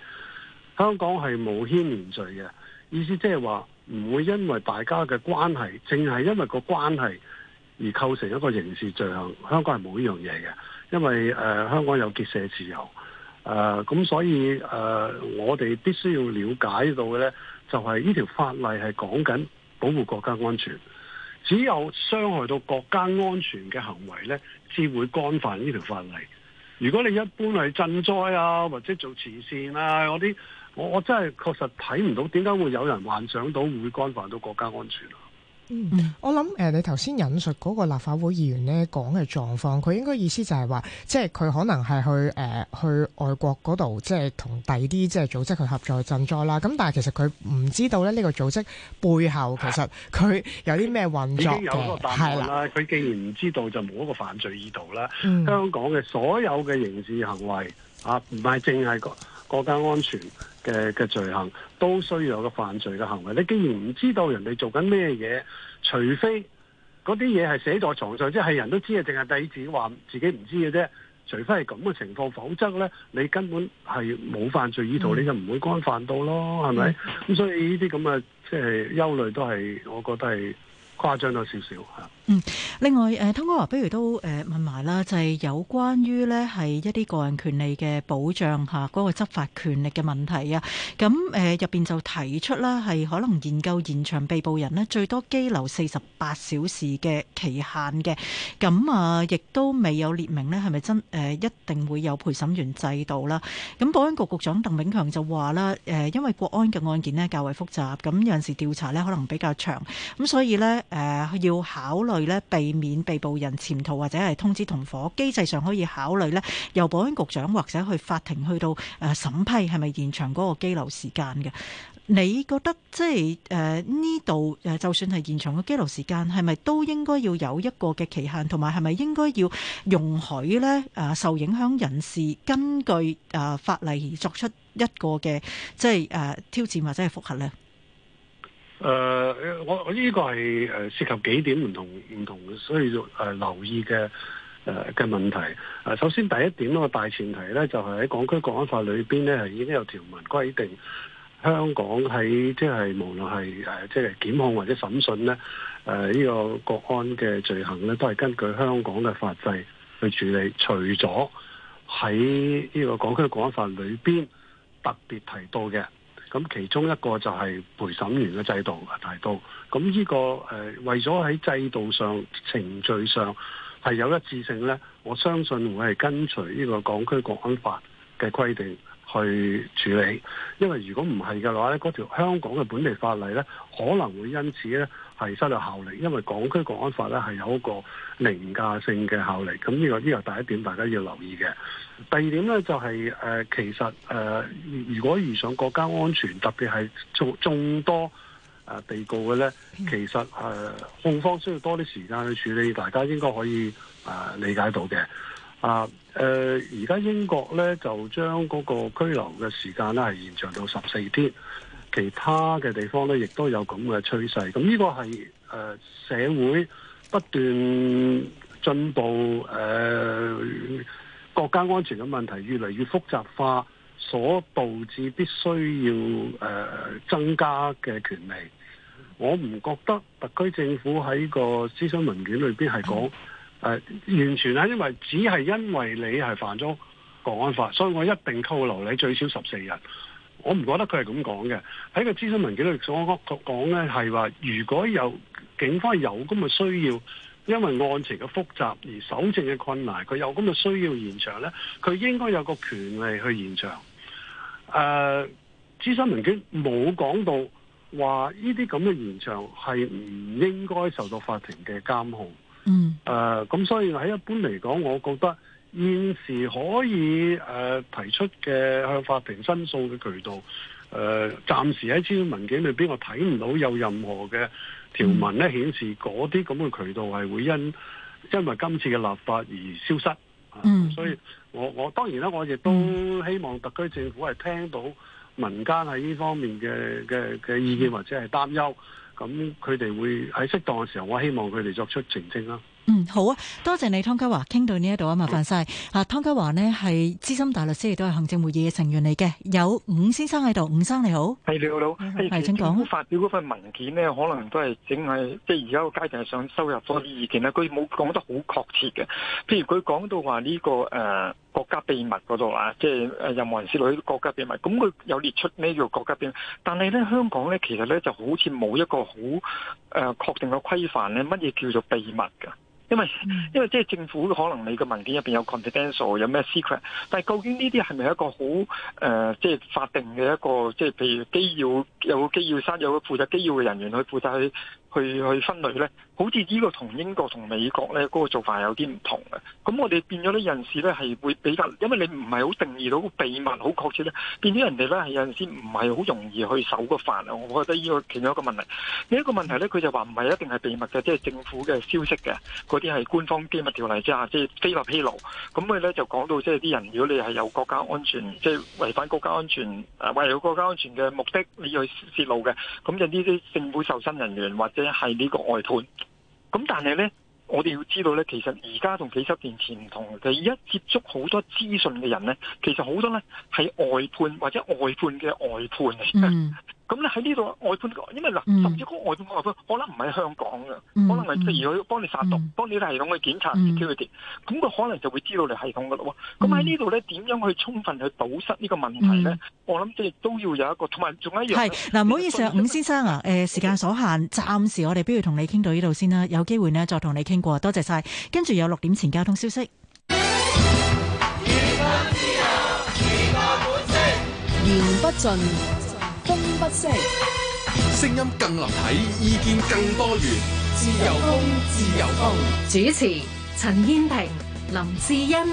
香港係冇牽連罪嘅，意思即係話唔會因為大家嘅關係，淨係因為個關係而構成一個刑事罪行。香港係冇呢樣嘢嘅，因為、呃、香港有結社自由。誒、呃、咁所以誒、呃，我哋必須要了解到嘅呢，就係、是、呢條法例係講緊。保護國家安全，只有傷害到國家安全嘅行為呢，至會干犯呢條法例。如果你一般係賑災啊，或者做慈善啊，嗰啲，我我真係確實睇唔到點解會有人幻想到會干犯到國家安全啊。嗯，我諗誒、呃，你頭先引述嗰個立法會議員咧講嘅狀況，佢應該意思就係話，即係佢可能係去誒、呃、去外國嗰度，即係同第二啲即係組織去合作賑災啦。咁但係其實佢唔知道咧，呢、這個組織背後其實佢有啲咩運作的。已經有個答案啦。佢既然唔知道，就冇一個犯罪意圖啦、嗯。香港嘅所有嘅刑事行為啊，唔係淨係國國家安全。嘅嘅罪行都需要有個犯罪嘅行為，你既然唔知道人哋做緊咩嘢，除非嗰啲嘢係寫在床上，即係人都知啊，定係第二字話自己唔知嘅啫。除非係咁嘅情況，否則咧你根本係冇犯罪意圖，嗯、你就唔會干犯到咯，係咪？咁、嗯、所以呢啲咁嘅即係憂慮都係我覺得係。誇張咗少少嚇。嗯，另外誒，湯哥話不如都誒問埋啦，就係有關於呢係一啲個人權利嘅保障嚇，嗰個執法權力嘅問題啊。咁誒入邊就提出啦，係可能研究延長被捕人呢，最多拘留四十八小時嘅期限嘅。咁啊，亦都未有列明呢係咪真誒一定會有陪審員制度啦。咁保安局局長鄧炳強就話啦，誒因為國安嘅案件呢較為複雜，咁有陣時調查呢可能比較長，咁所以呢。誒、呃、要考慮咧，避免被捕人潛逃或者係通知同伙，機制上可以考慮咧，由保安局長或者去法庭去到誒審批係咪延長嗰個羈留時間嘅？你覺得即係誒呢度誒，就算係延長個羈留時間，係咪都應該要有一個嘅期限，同埋係咪應該要容許咧誒、呃、受影響人士根據誒、呃、法例而作出一個嘅即係誒、呃、挑戰或者係覆核咧？誒、呃，我我呢、這個係涉及幾點唔同唔同需要誒留意嘅誒嘅問題。誒、呃，首先第一點咧，個大前提咧，就係喺《港區國安法》裏邊呢裏邊咧，係已經有條文規定，香港喺即係無論係誒即係檢控或者審訊咧，誒、呃、呢、這個國安嘅罪行咧，都係根據香港嘅法制去處理，除咗喺呢個《港區國安法》裏邊特別提到嘅。咁其中一個就係陪審員嘅制度的大到。咁呢個誒為咗喺制度上、程序上係有一致性呢，我相信會係跟隨呢個《港區國安法》嘅規定。去處理，因為如果唔係嘅話咧，嗰條香港嘅本地法例咧，可能會因此咧係失去效力，因為港區國安法咧係有一個凌駕性嘅效力。咁呢個呢個第一點，大家要留意嘅。第二點咧就係、是呃、其實、呃、如果遇上國家安全，特別係眾多誒、呃、被告嘅咧，其實誒、呃、控方需要多啲時間去處理，大家應該可以、呃、理解到嘅。啊、呃。誒而家英國咧就將嗰個拘留嘅時間咧係延長到十四天，其他嘅地方咧亦都有咁嘅趨勢。咁呢個係誒、呃、社會不斷進步，誒、呃、國家安全嘅問題越嚟越複雜化，所導致必須要誒、呃、增加嘅權力。我唔覺得特區政府喺個諮詢文件裏邊係講。誒、呃，完全係，因為只係因為你係犯咗國安法，所以我一定扣留你最少十四日。我唔覺得佢係咁講嘅，喺個諮詢文件裏所講呢係話，如果有警方有咁嘅需要，因為案情嘅複雜而搜證嘅困難，佢有咁嘅需要延長呢，佢應該有個權利去延長。誒、呃，諮詢文件冇講到話呢啲咁嘅延長係唔應該受到法庭嘅監控。嗯，誒、呃，咁所以喺一般嚟講，我覺得現時可以誒、呃、提出嘅，向法庭申訴嘅渠道，誒、呃，暫時喺資料文件裏邊，我睇唔到有任何嘅條文咧顯示嗰啲咁嘅渠道係會因因為今次嘅立法而消失。嗯，啊、所以我我當然啦，我亦都希望特區政府係聽到民間喺呢方面嘅嘅嘅意見或者係擔憂。咁佢哋會喺適當嘅時候，我希望佢哋作出澄清啦。嗯，好啊，多謝你湯家驊，傾到呢一度啊，麻煩晒。啊，湯家驊呢係資深大律師，亦都係行政會議嘅成員嚟嘅。有伍先生喺度，伍生你好，係你好，你好，係請講。佢發表嗰份文件呢，可能都係整係即係而家個階段係想收入多啲意見啦。佢冇講得好確切嘅，譬如佢講到話呢，這個誒，呃、國家秘密嗰度啊，即係誒任何人洩露國家秘密，咁佢有列出咩叫國家秘密？但係咧香港咧，其實咧就好似冇一個好誒，呃、確定嘅規範咧，乜嘢叫做秘密㗎？因為、嗯、因為即係政府可能你嘅文件入邊有 confidential 有咩 secret，但係究竟呢啲係咪一個好誒即係法定嘅一個即係、就是、譬如機要有個機要室有個負責機要嘅人員去負責去。去去分類咧，好似呢個同英國同美國咧嗰、那個做法有啲唔同嘅。咁我哋變咗呢，有陣時咧係會比較，因為你唔係好定義到個秘密好確切咧，變咗人哋咧係有陣時唔係好容易去守個法啊。我覺得呢個其中一個問題。呢、這、一個問題咧，佢就話唔係一定係秘密嘅，即、就、係、是、政府嘅消息嘅嗰啲係官方機密條例之下，即、就、係、是、非法披露。咁佢咧就講到即係啲人，如果你係有國家安全，即係違反國家安全，誒，為有國家安全嘅目的你要洩露嘅，咁就呢啲政府受薪人員或即係呢個外判，咁但係咧，我哋要知道咧，其實而家同幾十年前唔同就係而家接觸好多資訊嘅人咧，其實好多咧係外判或者外判嘅外判嚟、嗯、嘅。咁咧喺呢度外判，因為嗱、嗯，甚至個外判外判，可能唔係香港嘅、嗯，可能係譬如佢幫你殺毒，嗯、幫你系統去檢查，咁、嗯、佢可能就會知道你系統㗎咯喎。咁、嗯、喺呢度咧，點樣去充分去堵塞呢個問題咧、嗯？我諗即係都要有一個，同埋仲一樣。係嗱，唔好意思啊，伍先生啊，誒、呃、時間所限，暫時我哋不如同你傾到呢度先啦。有機會呢，再同你傾過。多謝晒，跟住有六點前交通消息。言不盡聲音更立體，意見更多元。自由風，自由風。主持：陳燕婷、林志恩。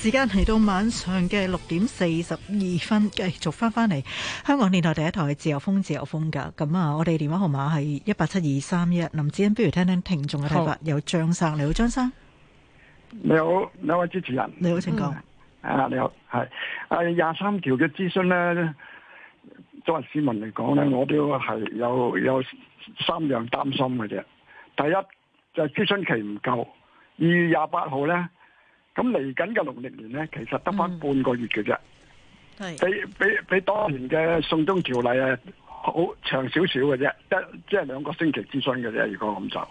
時間提到晚上嘅六點四十二分，繼續翻翻嚟香港電台第一台《自由風，自由風》㗎。咁啊，我哋電話號碼係一八七二三一。林志恩，不如聽聽聽聽眾嘅睇法。有張生你好。張生，你好，兩位主持人，你好，請講。嗯啊，你好係啊廿三條嘅諮詢咧，作為市民嚟講咧，我都要係有有三樣擔心嘅啫。第一就係、是、諮詢期唔夠，二月廿八號咧，咁嚟緊嘅農曆年咧，其實得返半個月嘅啫、嗯，比比比當年嘅送中條例啊，好長少少嘅啫，一即係兩個星期諮詢嘅啫。如果咁就誒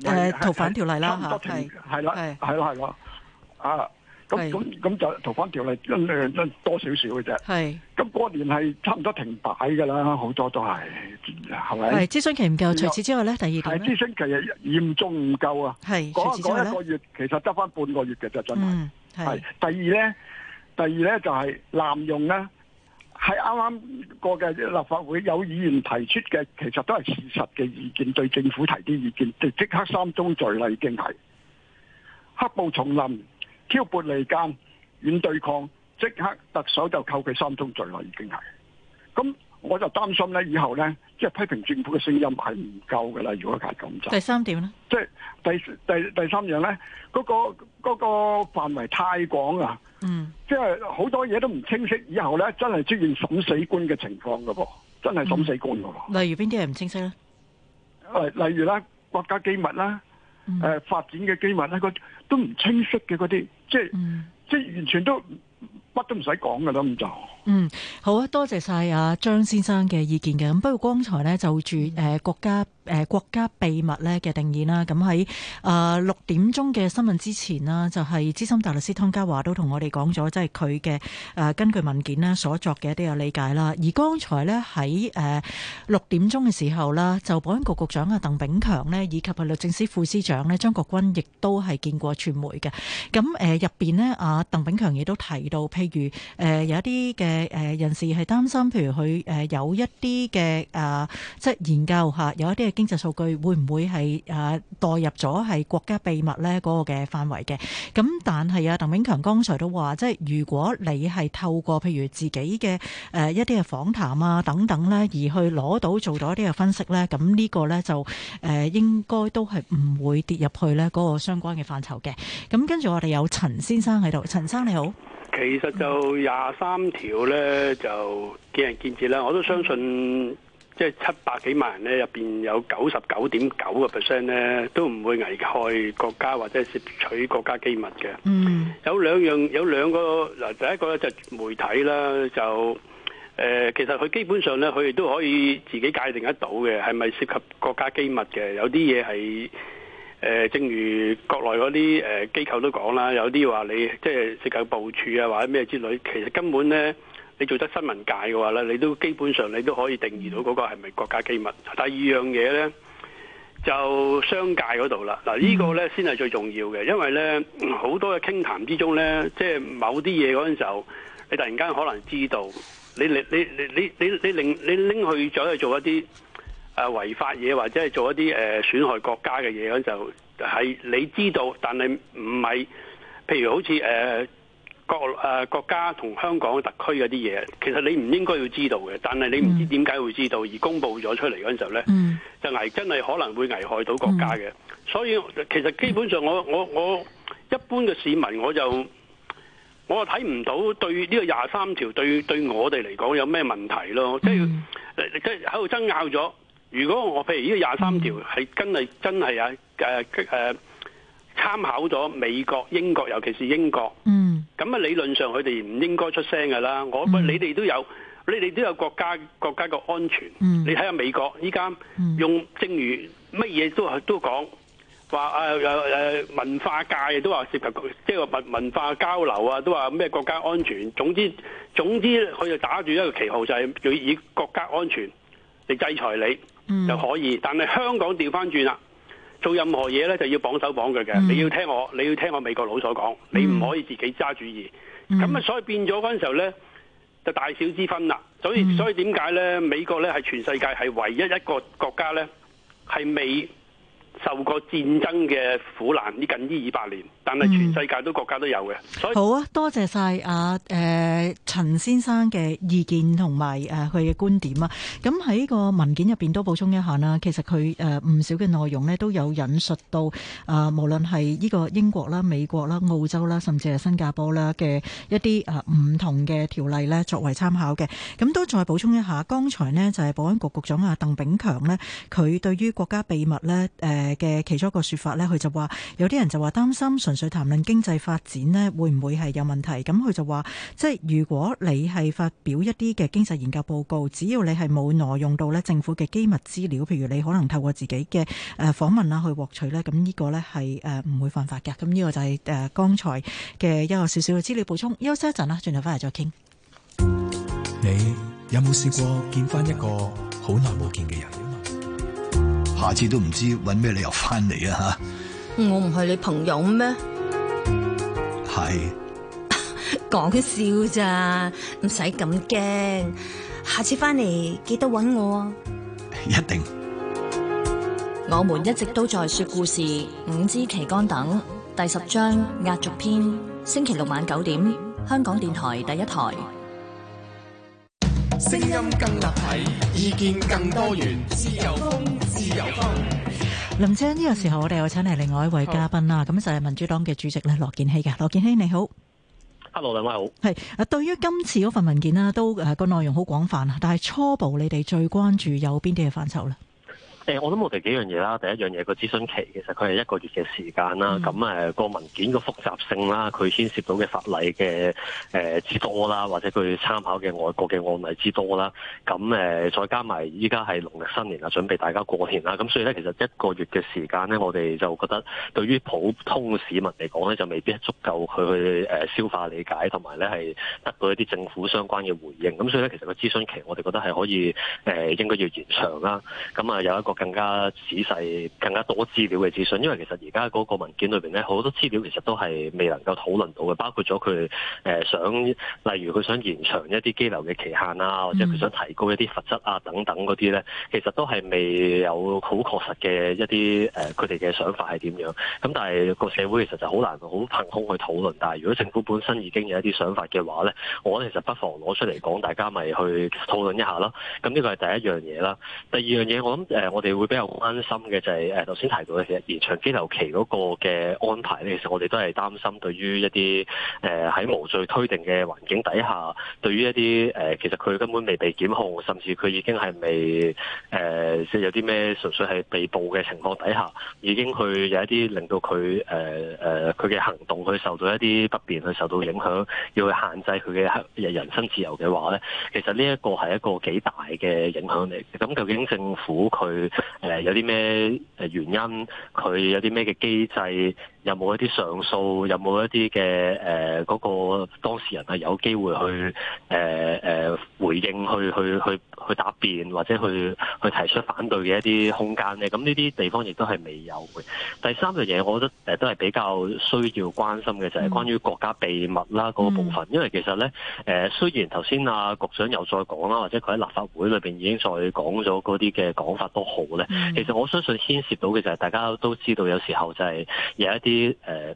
誒、呃、逃犯條例啦嚇，係係啦係啦係啦。是是啊！咁咁咁就逃犯條例，量多少少嘅啫。係咁過年係差唔多停擺噶啦，好多都係係咪？係諮詢期唔夠。除此之外咧，第二，係諮詢期係嚴重唔夠啊！係講一個月，其實得返半個月嘅就真係。係第二咧，第二咧就係濫用咧，係啱啱過嘅立法會有議員提出嘅，其實都係事實嘅意見，對政府提啲意見，即刻三宗罪例嘅危，黑暴重臨。挑撥離間、軟對抗，即刻特首就扣佢三宗罪啦，已經係。咁我就擔心咧，以後咧，即係批評政府嘅聲音係唔夠噶啦。如果係咁就第三點咧，即係第第第,第三樣咧，嗰個嗰個範圍太廣啦。嗯，即係好多嘢都唔清晰，以後咧真係出現審死官嘅情況噶噃，真係審死官噶喎、嗯。例如邊啲係唔清晰咧？誒，例如咧，國家機密啦。誒、嗯，發展嘅機密咧，個都唔清晰嘅嗰啲，即係、嗯、即係完全都乜都唔使講噶啦咁就。嗯，好啊，多謝晒啊張先生嘅意見嘅。咁不過剛才咧就住誒國家誒國家秘密咧嘅定義啦。咁喺誒六點鐘嘅新聞之前啦，就係資深大律師湯家驊都同我哋講咗，即係佢嘅誒根據文件啦所作嘅一啲嘅理解啦。而剛才咧喺誒六點鐘嘅時候啦，就保安局局長啊鄧炳強咧以及律政司副司長咧張國軍亦都係見過傳媒嘅。咁誒入邊咧啊鄧炳強亦都提到，譬如誒有一啲嘅。誒誒，人士係擔心，譬如佢誒有一啲嘅誒，即係研究吓，有一啲嘅經濟數據會唔會係誒、啊、代入咗係國家秘密咧？嗰個嘅範圍嘅。咁但係啊，鄧炳強剛才都話，即係如果你係透過譬如自己嘅誒一啲嘅訪談啊等等咧，而去攞到做到一啲嘅分析咧，咁呢個咧就誒、啊、應該都係唔會跌入去咧嗰個相關嘅範疇嘅。咁跟住我哋有陳先生喺度，陳生你好。其實就廿三條呢，就見仁見智啦。我都相信，即係七百幾萬人呢，入邊有九十九點九個 percent 呢，都唔會危害國家或者攝取國家機密嘅、mm.。有兩樣，有兩個嗱，第一個呢，就媒體啦，就、呃、誒，其實佢基本上呢，佢哋都可以自己界定得到嘅，係咪涉及國家機密嘅？有啲嘢係。誒、呃，正如國內嗰啲誒機構都講啦，有啲話你即係涉及部署啊，或者咩之類，其實根本呢，你做得新聞界嘅話呢，你都基本上你都可以定義到嗰個係咪國家機密。第二樣嘢呢，就商界嗰度啦。嗱，呢、呢個呢先係最重要嘅，因為呢好多嘅傾談，談之中呢，即係某啲嘢嗰陣時候，你突然間可能知道，你你你你你你拎你拎去咗去做一啲。啊，違法嘢或者係做一啲誒、呃、損害國家嘅嘢，就係你知道，但係唔係，譬如好似誒、呃、國誒、呃、國家同香港特區嗰啲嘢，其實你唔應該要知道嘅，但係你唔知點解會知道而公佈咗出嚟嗰陣時候咧，Mm. 就危真係可能會危害到國家嘅。Mm. 所以其實基本上我，我我我一般嘅市民我，我就我睇唔到對呢個廿三條對對我哋嚟講有咩問題咯，即係即係喺度爭拗咗。如果我譬如呢個廿三條係真係真係啊誒誒、啊、參考咗美國、英國，尤其是英國，咁、嗯、啊理論上佢哋唔應該出聲㗎啦。我、嗯、你哋都有，你哋都有國家國家個安全。嗯、你睇下美國依家用正如乜嘢都都講話誒誒文化界都話涉及即係文文化交流啊，都話咩國家安全。總之總之佢就打住一個旗號，就係要以國家安全嚟制裁你。 就可以，但係香港掉翻轉啦，做任何嘢呢，就要綁手綁腳嘅，你要聽我，你要聽我美國佬所講，你唔可以自己揸主意。咁啊， 所以變咗嗰陣時候呢，就大小之分啦。所以所以點解呢？美國呢係全世界係唯一一個國家呢，係未。受過戰爭嘅苦難，呢近呢二百年，但係全世界都國家都有嘅。所以，好啊，多謝晒啊，誒、呃、陳先生嘅意見同埋誒佢嘅觀點啊。咁喺個文件入邊都補充一下啦。其實佢誒唔少嘅內容呢都有引述到啊、呃，無論係呢個英國啦、美國啦、澳洲啦，甚至係新加坡啦嘅一啲啊唔同嘅條例呢作為參考嘅。咁都再補充一下，剛才呢就係、是、保安局局長啊鄧炳強呢，佢對於國家秘密呢。誒、呃。嘅其中一個說法咧，佢就話有啲人就話擔心純粹談論經濟發展咧會唔會係有問題？咁佢就話，即係如果你係發表一啲嘅經濟研究報告，只要你係冇挪用到咧政府嘅機密資料，譬如你可能透過自己嘅誒訪問啊去獲取咧，咁呢個咧係誒唔會犯法嘅。咁呢個就係誒剛才嘅一個少少嘅資料補充。休息一陣啦，轉頭翻嚟再傾。你有冇試過見翻一個好耐冇見嘅人？下次都唔知搵咩理由翻嚟啊！吓，我唔係你朋友咩？係講笑咋，唔使咁驚。下次翻嚟記得搵我啊。一定。我們一直都在說故事，《五枝旗桿等》第十章壓軸篇，星期六晚九點，香港電台第一台。聲音更立體，意見更多元，自由風，自由風。林姐，呢個時候我哋又請嚟另外一位嘉賓啦。咁就係民主黨嘅主席咧羅健熙嘅。羅健熙你好，Hello 兩位好。係啊，對於今次嗰份文件啦，都誒個內容好廣泛啊。但係初步你哋最關注有邊啲嘅範疇咧？我諗我哋幾樣嘢啦。第一樣嘢，個諮詢期其實佢係一個月嘅時間啦。咁、嗯、誒、那個文件個複雜性啦，佢牽涉到嘅法例嘅誒、呃、之多啦，或者佢參考嘅外國嘅案例之多啦。咁、呃、再加埋依家係農曆新年啊，準備大家過年啦。咁所以咧，其實一個月嘅時間咧，我哋就覺得對於普通市民嚟講咧，就未必足夠佢去、呃、消化理解，同埋咧係得到一啲政府相關嘅回應。咁所以咧，其實個諮詢期我哋覺得係可以誒、呃，應該要延長啦。咁啊，有一個更加仔細、更加多資料嘅資訊，因為其實而家嗰個文件裏邊咧，好多資料其實都係未能夠討論到嘅，包括咗佢誒想，例如佢想延長一啲拘留嘅期限啊，或者佢想提高一啲罰則啊等等嗰啲咧，其實都係未有好確實嘅一啲誒佢哋嘅想法係點樣。咁但係個社會其實就好難好憑空去討論。但如果政府本身已經有一啲想法嘅話咧，我其實不妨攞出嚟講，大家咪去討論一下咯。咁、嗯、呢、這個係第一樣嘢啦。第二樣嘢我諗我。呃你會比較關心嘅就係誒，頭先提到嘅其實延長拘留期嗰個嘅安排，其實我哋都係擔心，對於一啲誒喺無罪推定嘅環境底下，對於一啲誒其實佢根本未被檢控，甚至佢已經係未誒即係有啲咩純粹係被捕嘅情況底下，已經去有一啲令到佢誒誒佢嘅行動去受到一啲不便，去受到影響，要去限制佢嘅人人身自由嘅話咧，其實呢一個係一個幾大嘅影響嚟。咁究竟政府佢，誒、呃，有啲咩誒原因？佢有啲咩嘅機制？有冇一啲上訴？有冇一啲嘅誒嗰個當事人係有機會去誒誒、呃、回應、去去去去答辯或者去去提出反對嘅一啲空間咧？咁呢啲地方亦都係未有嘅。第三樣嘢，我覺得誒都係比較需要關心嘅，就係、是、關於國家秘密啦嗰個部分、嗯。因為其實咧誒、呃，雖然頭先啊局長又再講啦，或者佢喺立法會裏邊已經再講咗嗰啲嘅講法都。好咧，其實我相信牽涉到嘅就係大家都知道，有時候就係有一啲誒。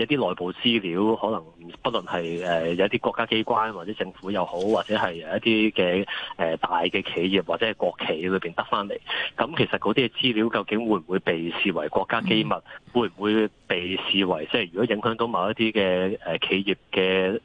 一啲內部資料，可能不論係誒有啲國家機關或者政府又好，或者係一啲嘅誒大嘅企業或者係國企裏面得翻嚟，咁其實嗰啲嘅資料究竟會唔會被視為國家機密？Mm. 會唔會被視為即係、就是、如果影響到某一啲嘅誒企業嘅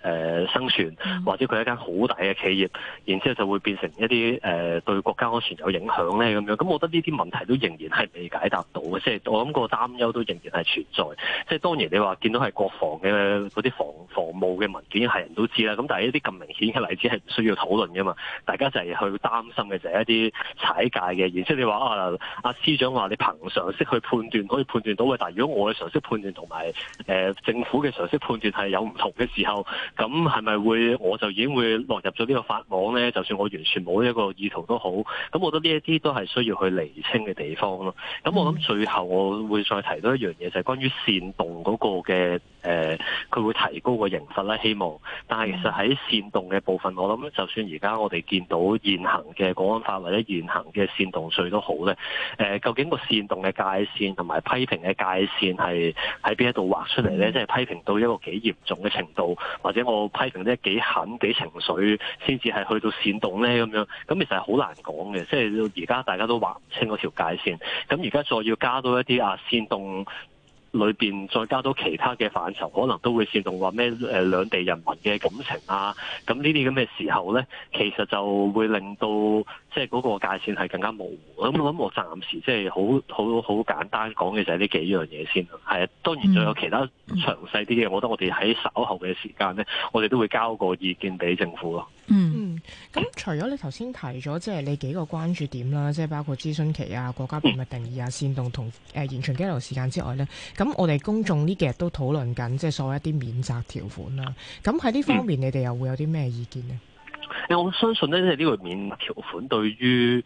誒生存，mm. 或者佢一間好大嘅企業，然之後就會變成一啲誒對國家安全有影響咧咁樣？咁我覺得呢啲問題都仍然係未解答到嘅，即、就、係、是、我諗個擔憂都仍然係存在。即、就、係、是、當然你話見到。都係國防嘅嗰啲防防務嘅文件係人都知啦，咁但係一啲咁明顯嘅例子係唔需要討論噶嘛？大家就係去擔心嘅就係一啲踩界嘅，然之後你話啊，阿司長話你憑常識去判斷可以判斷到嘅，但係如果我嘅常識判斷同埋誒政府嘅常識判斷係有唔同嘅時候，咁係咪會我就已經會落入咗呢個法網咧？就算我完全冇一個意圖都好，咁我覺得呢一啲都係需要去釐清嘅地方咯。咁我諗最後我會再提到一樣嘢，就係關於煽動嗰個嘅。嘅、呃、佢會提高個刑罰啦，希望。但係其實喺煽動嘅部分，我諗就算而家我哋見到現行嘅《國安法》或者現行嘅煽動罪都好咧。誒、呃，究竟個煽動嘅界線同埋批評嘅界線係喺邊一度劃出嚟咧？即、嗯、係、就是、批評到一個幾嚴重嘅程度，或者我批評得幾狠幾情緒，先至係去到煽動咧咁樣。咁其實係好難講嘅，即係到而家大家都劃唔清嗰條界線。咁而家再要加多一啲啊，煽動。裏邊再加到其他嘅範疇，可能都會煽動話咩誒兩地人民嘅感情啊，咁呢啲咁嘅時候咧，其實就會令到即係嗰個界線係更加模糊。咁、嗯、我諗我暫時即係好好好簡單講嘅就係呢幾樣嘢先係啊，當然仲有其他詳細啲嘅，我覺得我哋喺稍後嘅時間咧，我哋都會交個意見俾政府咯。嗯，咁除咗你頭先提咗即係你幾個關注點啦，即、就、係、是、包括諮詢期啊、國家秘密定義啊、煽動同誒、呃、延長羈留時間之外咧，咁。咁我哋公眾呢幾日都討論緊，即係所謂一啲免責條款啦。咁喺呢方面，嗯、你哋又會有啲咩意見呢？我相信咧，即係呢個免責條款對於誒、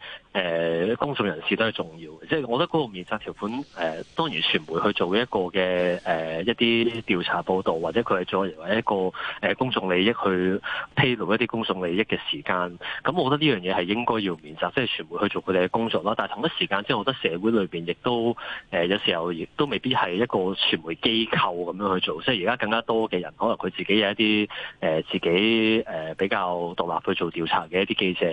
呃、公眾人士都係重要嘅。即係我覺得嗰個免責條款誒、呃，當然傳媒去做一個嘅誒、呃、一啲調查報道或者佢係作為一個、呃、公眾利益去披露一啲公眾利益嘅時間，咁我覺得呢樣嘢係應該要免責，即係傳媒去做佢哋嘅工作啦。但係同一時間即係我覺得社會裏邊亦都誒、呃、有時候亦都未必係一個傳媒機構咁樣去做。即係而家更加多嘅人，可能佢自己有一啲誒、呃、自己誒、呃、比較獨立。去做調查嘅一啲記者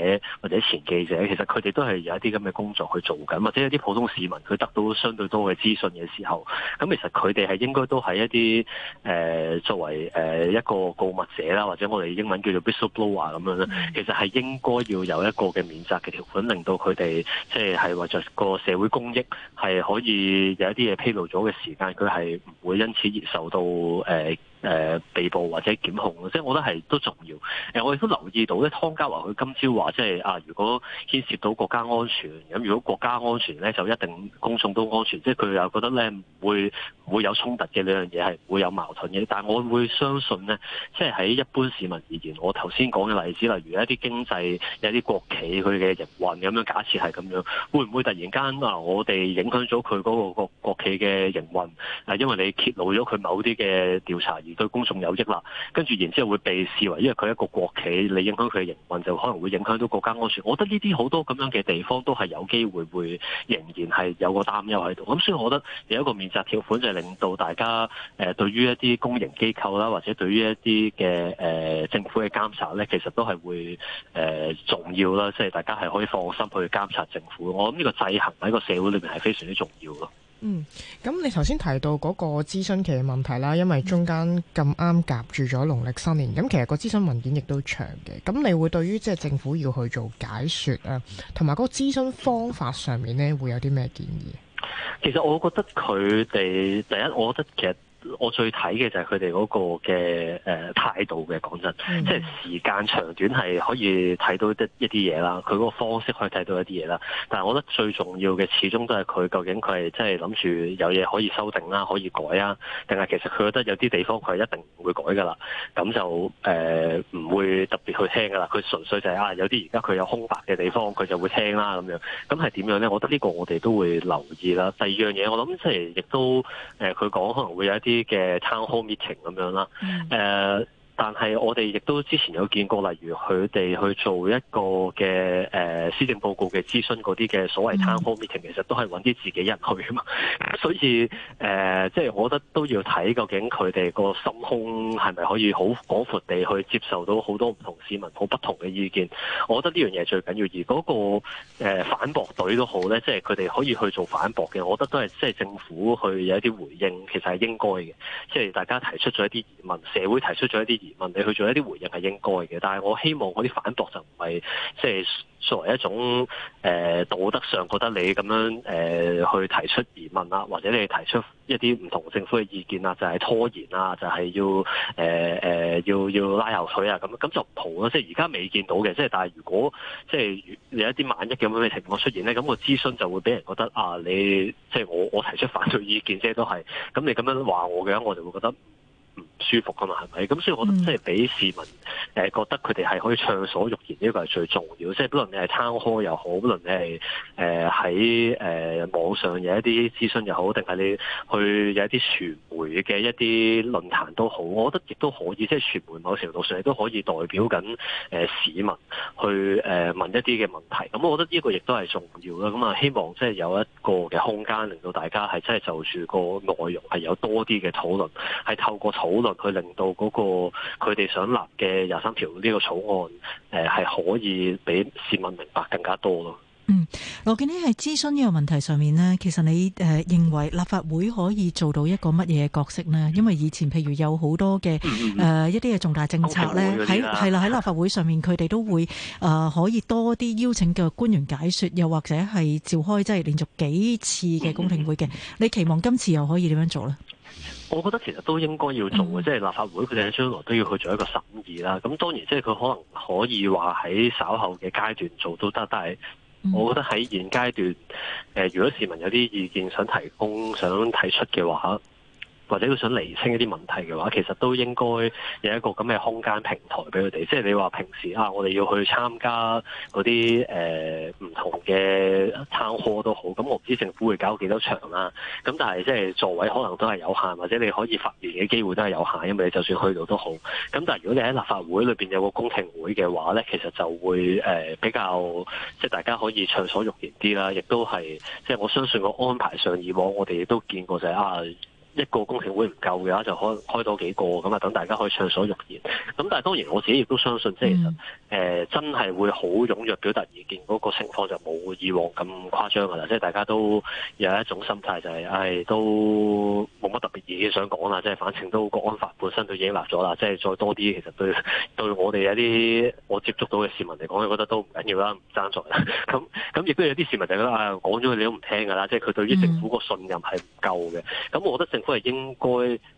或者前記者，其實佢哋都係有一啲咁嘅工作去做緊，或者一啲普通市民佢得到相對多嘅資訊嘅時候，咁其實佢哋係應該都係一啲誒、呃、作為誒、呃、一個告密者啦，或者我哋英文叫做 whistleblower 咁樣啦，其實係應該要有一個嘅免責嘅條款，令到佢哋即係係為著個社會公益係可以有一啲嘢披露咗嘅時間，佢係唔會因此而受到誒、呃誒、呃、被捕或者檢控，即係我覺得係都重要。誒、呃，我亦都留意到咧，湯家驊佢今朝話，即係啊，如果牽涉到國家安全，咁如果國家安全咧，就一定公眾都安全，即係佢又覺得咧會會有衝突嘅呢樣嘢係會有矛盾嘅。但係我會相信咧，即係喺一般市民而言，我頭先講嘅例子，例如一啲經濟、一啲國企佢嘅營運咁樣，假設係咁樣，會唔會突然間啊，我哋影響咗佢嗰個國企嘅營運？誒，因為你揭露咗佢某啲嘅調查。對公眾有益啦，跟住然之後會被視為，因為佢係一個國企，你影響佢嘅營運，就可能會影響到國家安全。我覺得呢啲好多咁樣嘅地方都係有機會會仍然係有個擔憂喺度。咁所以我覺得有一個免責條款就係令到大家誒，對於一啲公營機構啦，或者對於一啲嘅誒政府嘅監察咧，其實都係會誒重要啦。即係大家係可以放心去監察政府。我諗呢個制衡喺個社會裏面係非常之重要咯。嗯，咁你頭先提到嗰個諮詢期嘅問題啦，因為中間咁啱夾住咗農曆新年，咁其實個諮詢文件亦都長嘅。咁你會對於即係政府要去做解說啊，同埋嗰個諮詢方法上面咧，會有啲咩建議？其實我覺得佢哋第一，我覺得其實。我最睇嘅就係佢哋嗰個嘅誒態度嘅，講真，mm-hmm. 即係時間長短係可以睇到一啲嘢啦，佢嗰個方式可以睇到一啲嘢啦。但係我覺得最重要嘅始終都係佢究竟佢係真係諗住有嘢可以修訂啦，可以改啊，定係其實佢覺得有啲地方佢一定唔會改㗎啦。咁就誒唔、呃、會特別去聽㗎啦。佢純粹就係、是、啊，有啲而家佢有空白嘅地方，佢就會聽啦咁樣。咁係點樣咧？我覺得呢個我哋都會留意啦。第二樣嘢，我諗即係亦都佢講、呃、可能會有一啲。啲嘅 town hall meeting 咁樣啦，誒。但係我哋亦都之前有見過，例如佢哋去做一個嘅誒施政報告嘅諮詢嗰啲嘅所謂 town hall meeting，其實都係揾啲自己人去嘛。所以誒、呃，即係我覺得都要睇究竟佢哋個心胸係咪可以好廣闊地去接受到好多唔同市民好不同嘅意見。我覺得呢樣嘢最緊要，而嗰、那個、呃、反駁隊都好咧，即係佢哋可以去做反駁嘅。我覺得都係即係政府去有一啲回應，其實係應該嘅。即係大家提出咗一啲疑問，社會提出咗一啲疑問。問你去做一啲回應係應該嘅，但係我希望嗰啲反駁就唔係即係作為一種誒、呃、道德上覺得你咁樣誒、呃、去提出疑問啦，或者你提出一啲唔同政府嘅意見啦，就係、是、拖延啊，就係、是、要誒誒、呃呃、要要拉後腿啊，咁咁就唔好咯。即係而家未見到嘅，即係但係如果即係、就是、有一啲萬一咁樣嘅情況出現咧，咁、那個諮詢就會俾人覺得啊，你即係、就是、我我提出反對意見，即係都係，咁你咁樣話我嘅話，我就會覺得唔。舒服噶嘛，係 咪樂？咁所以我覺得即係俾市民誒覺得佢哋係可以暢所欲言，呢個係最重要。即係，不論你係 town hall 又好，不論你係誒喺誒網上有一啲諮詢又好，定係你去有一啲傳媒嘅一啲論壇都好，我覺得亦都可以。即係傳媒某程度上亦都可以代表緊誒市民去誒問一啲嘅問題。咁我覺得呢個亦都係重要啦。咁啊，希望即係有一個嘅空間，令到大家係真係就住個內容係有多啲嘅討論，係透過討論。佢令到嗰個佢哋想立嘅廿三條呢個草案，誒、呃、係可以俾市民明白更加多咯。嗯，羅健熙，喺諮詢呢個問題上面呢，其實你誒、呃、認為立法會可以做到一個乜嘢角色呢、嗯？因為以前譬如有好多嘅誒、嗯呃、一啲嘅重大政策咧，喺係啦喺立法會上面，佢、嗯、哋都會誒、呃、可以多啲邀請嘅官員解說，又或者係召開即係連續幾次嘅公聽會嘅、嗯。你期望今次又可以點樣做呢？我覺得其實都應該要做嘅，即係立法會佢哋喺將來都要去做一個審議啦。咁當然即係佢可能可以話喺稍後嘅階段做都得，但係我覺得喺現階段，呃，如果市民有啲意見想提供、想提出嘅話，或者佢想厘清一啲問題嘅話，其實都應該有一個咁嘅空間平台俾佢哋。即係你話平時啊，我哋要去參加嗰啲誒唔同嘅探貨都好，咁、嗯、我唔知政府會搞幾多場啦。咁但係即係座位可能都係有限，或者你可以發言嘅機會都係有限，因為你就算去到都好。咁但係如果你喺立法會裏邊有個公聽會嘅話咧，其實就會誒、呃、比較即係大家可以暢所欲言啲啦。亦都係即係我相信個安排上以往我哋都見過就係、是、啊。一個公聽會唔夠嘅話，就開開多幾個咁啊，等大家可以暢所欲言。咁但係當然我自己亦都相信，即係其實誒、呃、真係會好踴躍表達意見嗰個情況就冇以往咁誇張噶啦。即係大家都有一種心態、就是，就係唉，都冇乜特別嘢想講啦。即係反正都國安法本身都已經立咗啦。即係再多啲，其實對對我哋一啲我接觸到嘅市民嚟講，覺 覺哎、我覺得都唔緊要啦，唔爭在。咁咁亦都有啲市民就覺得啊，講咗你都唔聽㗎啦。即係佢對於政府個信任係唔夠嘅。咁我覺得政都係應該，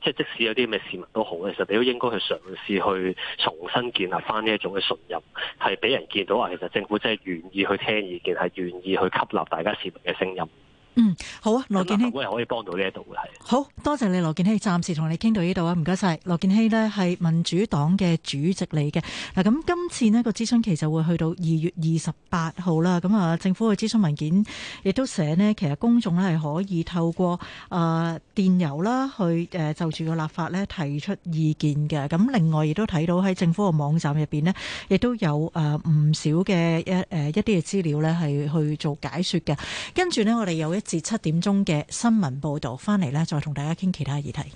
即係即使有啲咩市民都好，其實你都應該去嘗試去重新建立翻呢一種嘅信任，係俾人見到啊！其實政府真係願意去聽意見，係願意去吸納大家市民嘅聲音。嗯，好啊，羅健熙，可以幫到呢一度嘅係，好多謝你，羅健熙，暫時同你傾到謝謝你呢度啊，唔該晒。羅健熙咧，係民主黨嘅主席嚟嘅嗱，咁今次呢個諮詢期就會去到二月二十八號啦，咁啊，政府嘅諮詢文件亦都寫咧，其實公眾咧係可以透過啊、呃、電郵啦去誒、呃、就住個立法咧提出意見嘅，咁另外亦都睇到喺政府嘅網站入邊咧，亦都有誒唔少嘅一誒、呃、一啲嘅資料咧係去做解說嘅，跟住咧我哋有一。至七點鐘嘅新聞報道，翻嚟咧再同大家傾其他議題。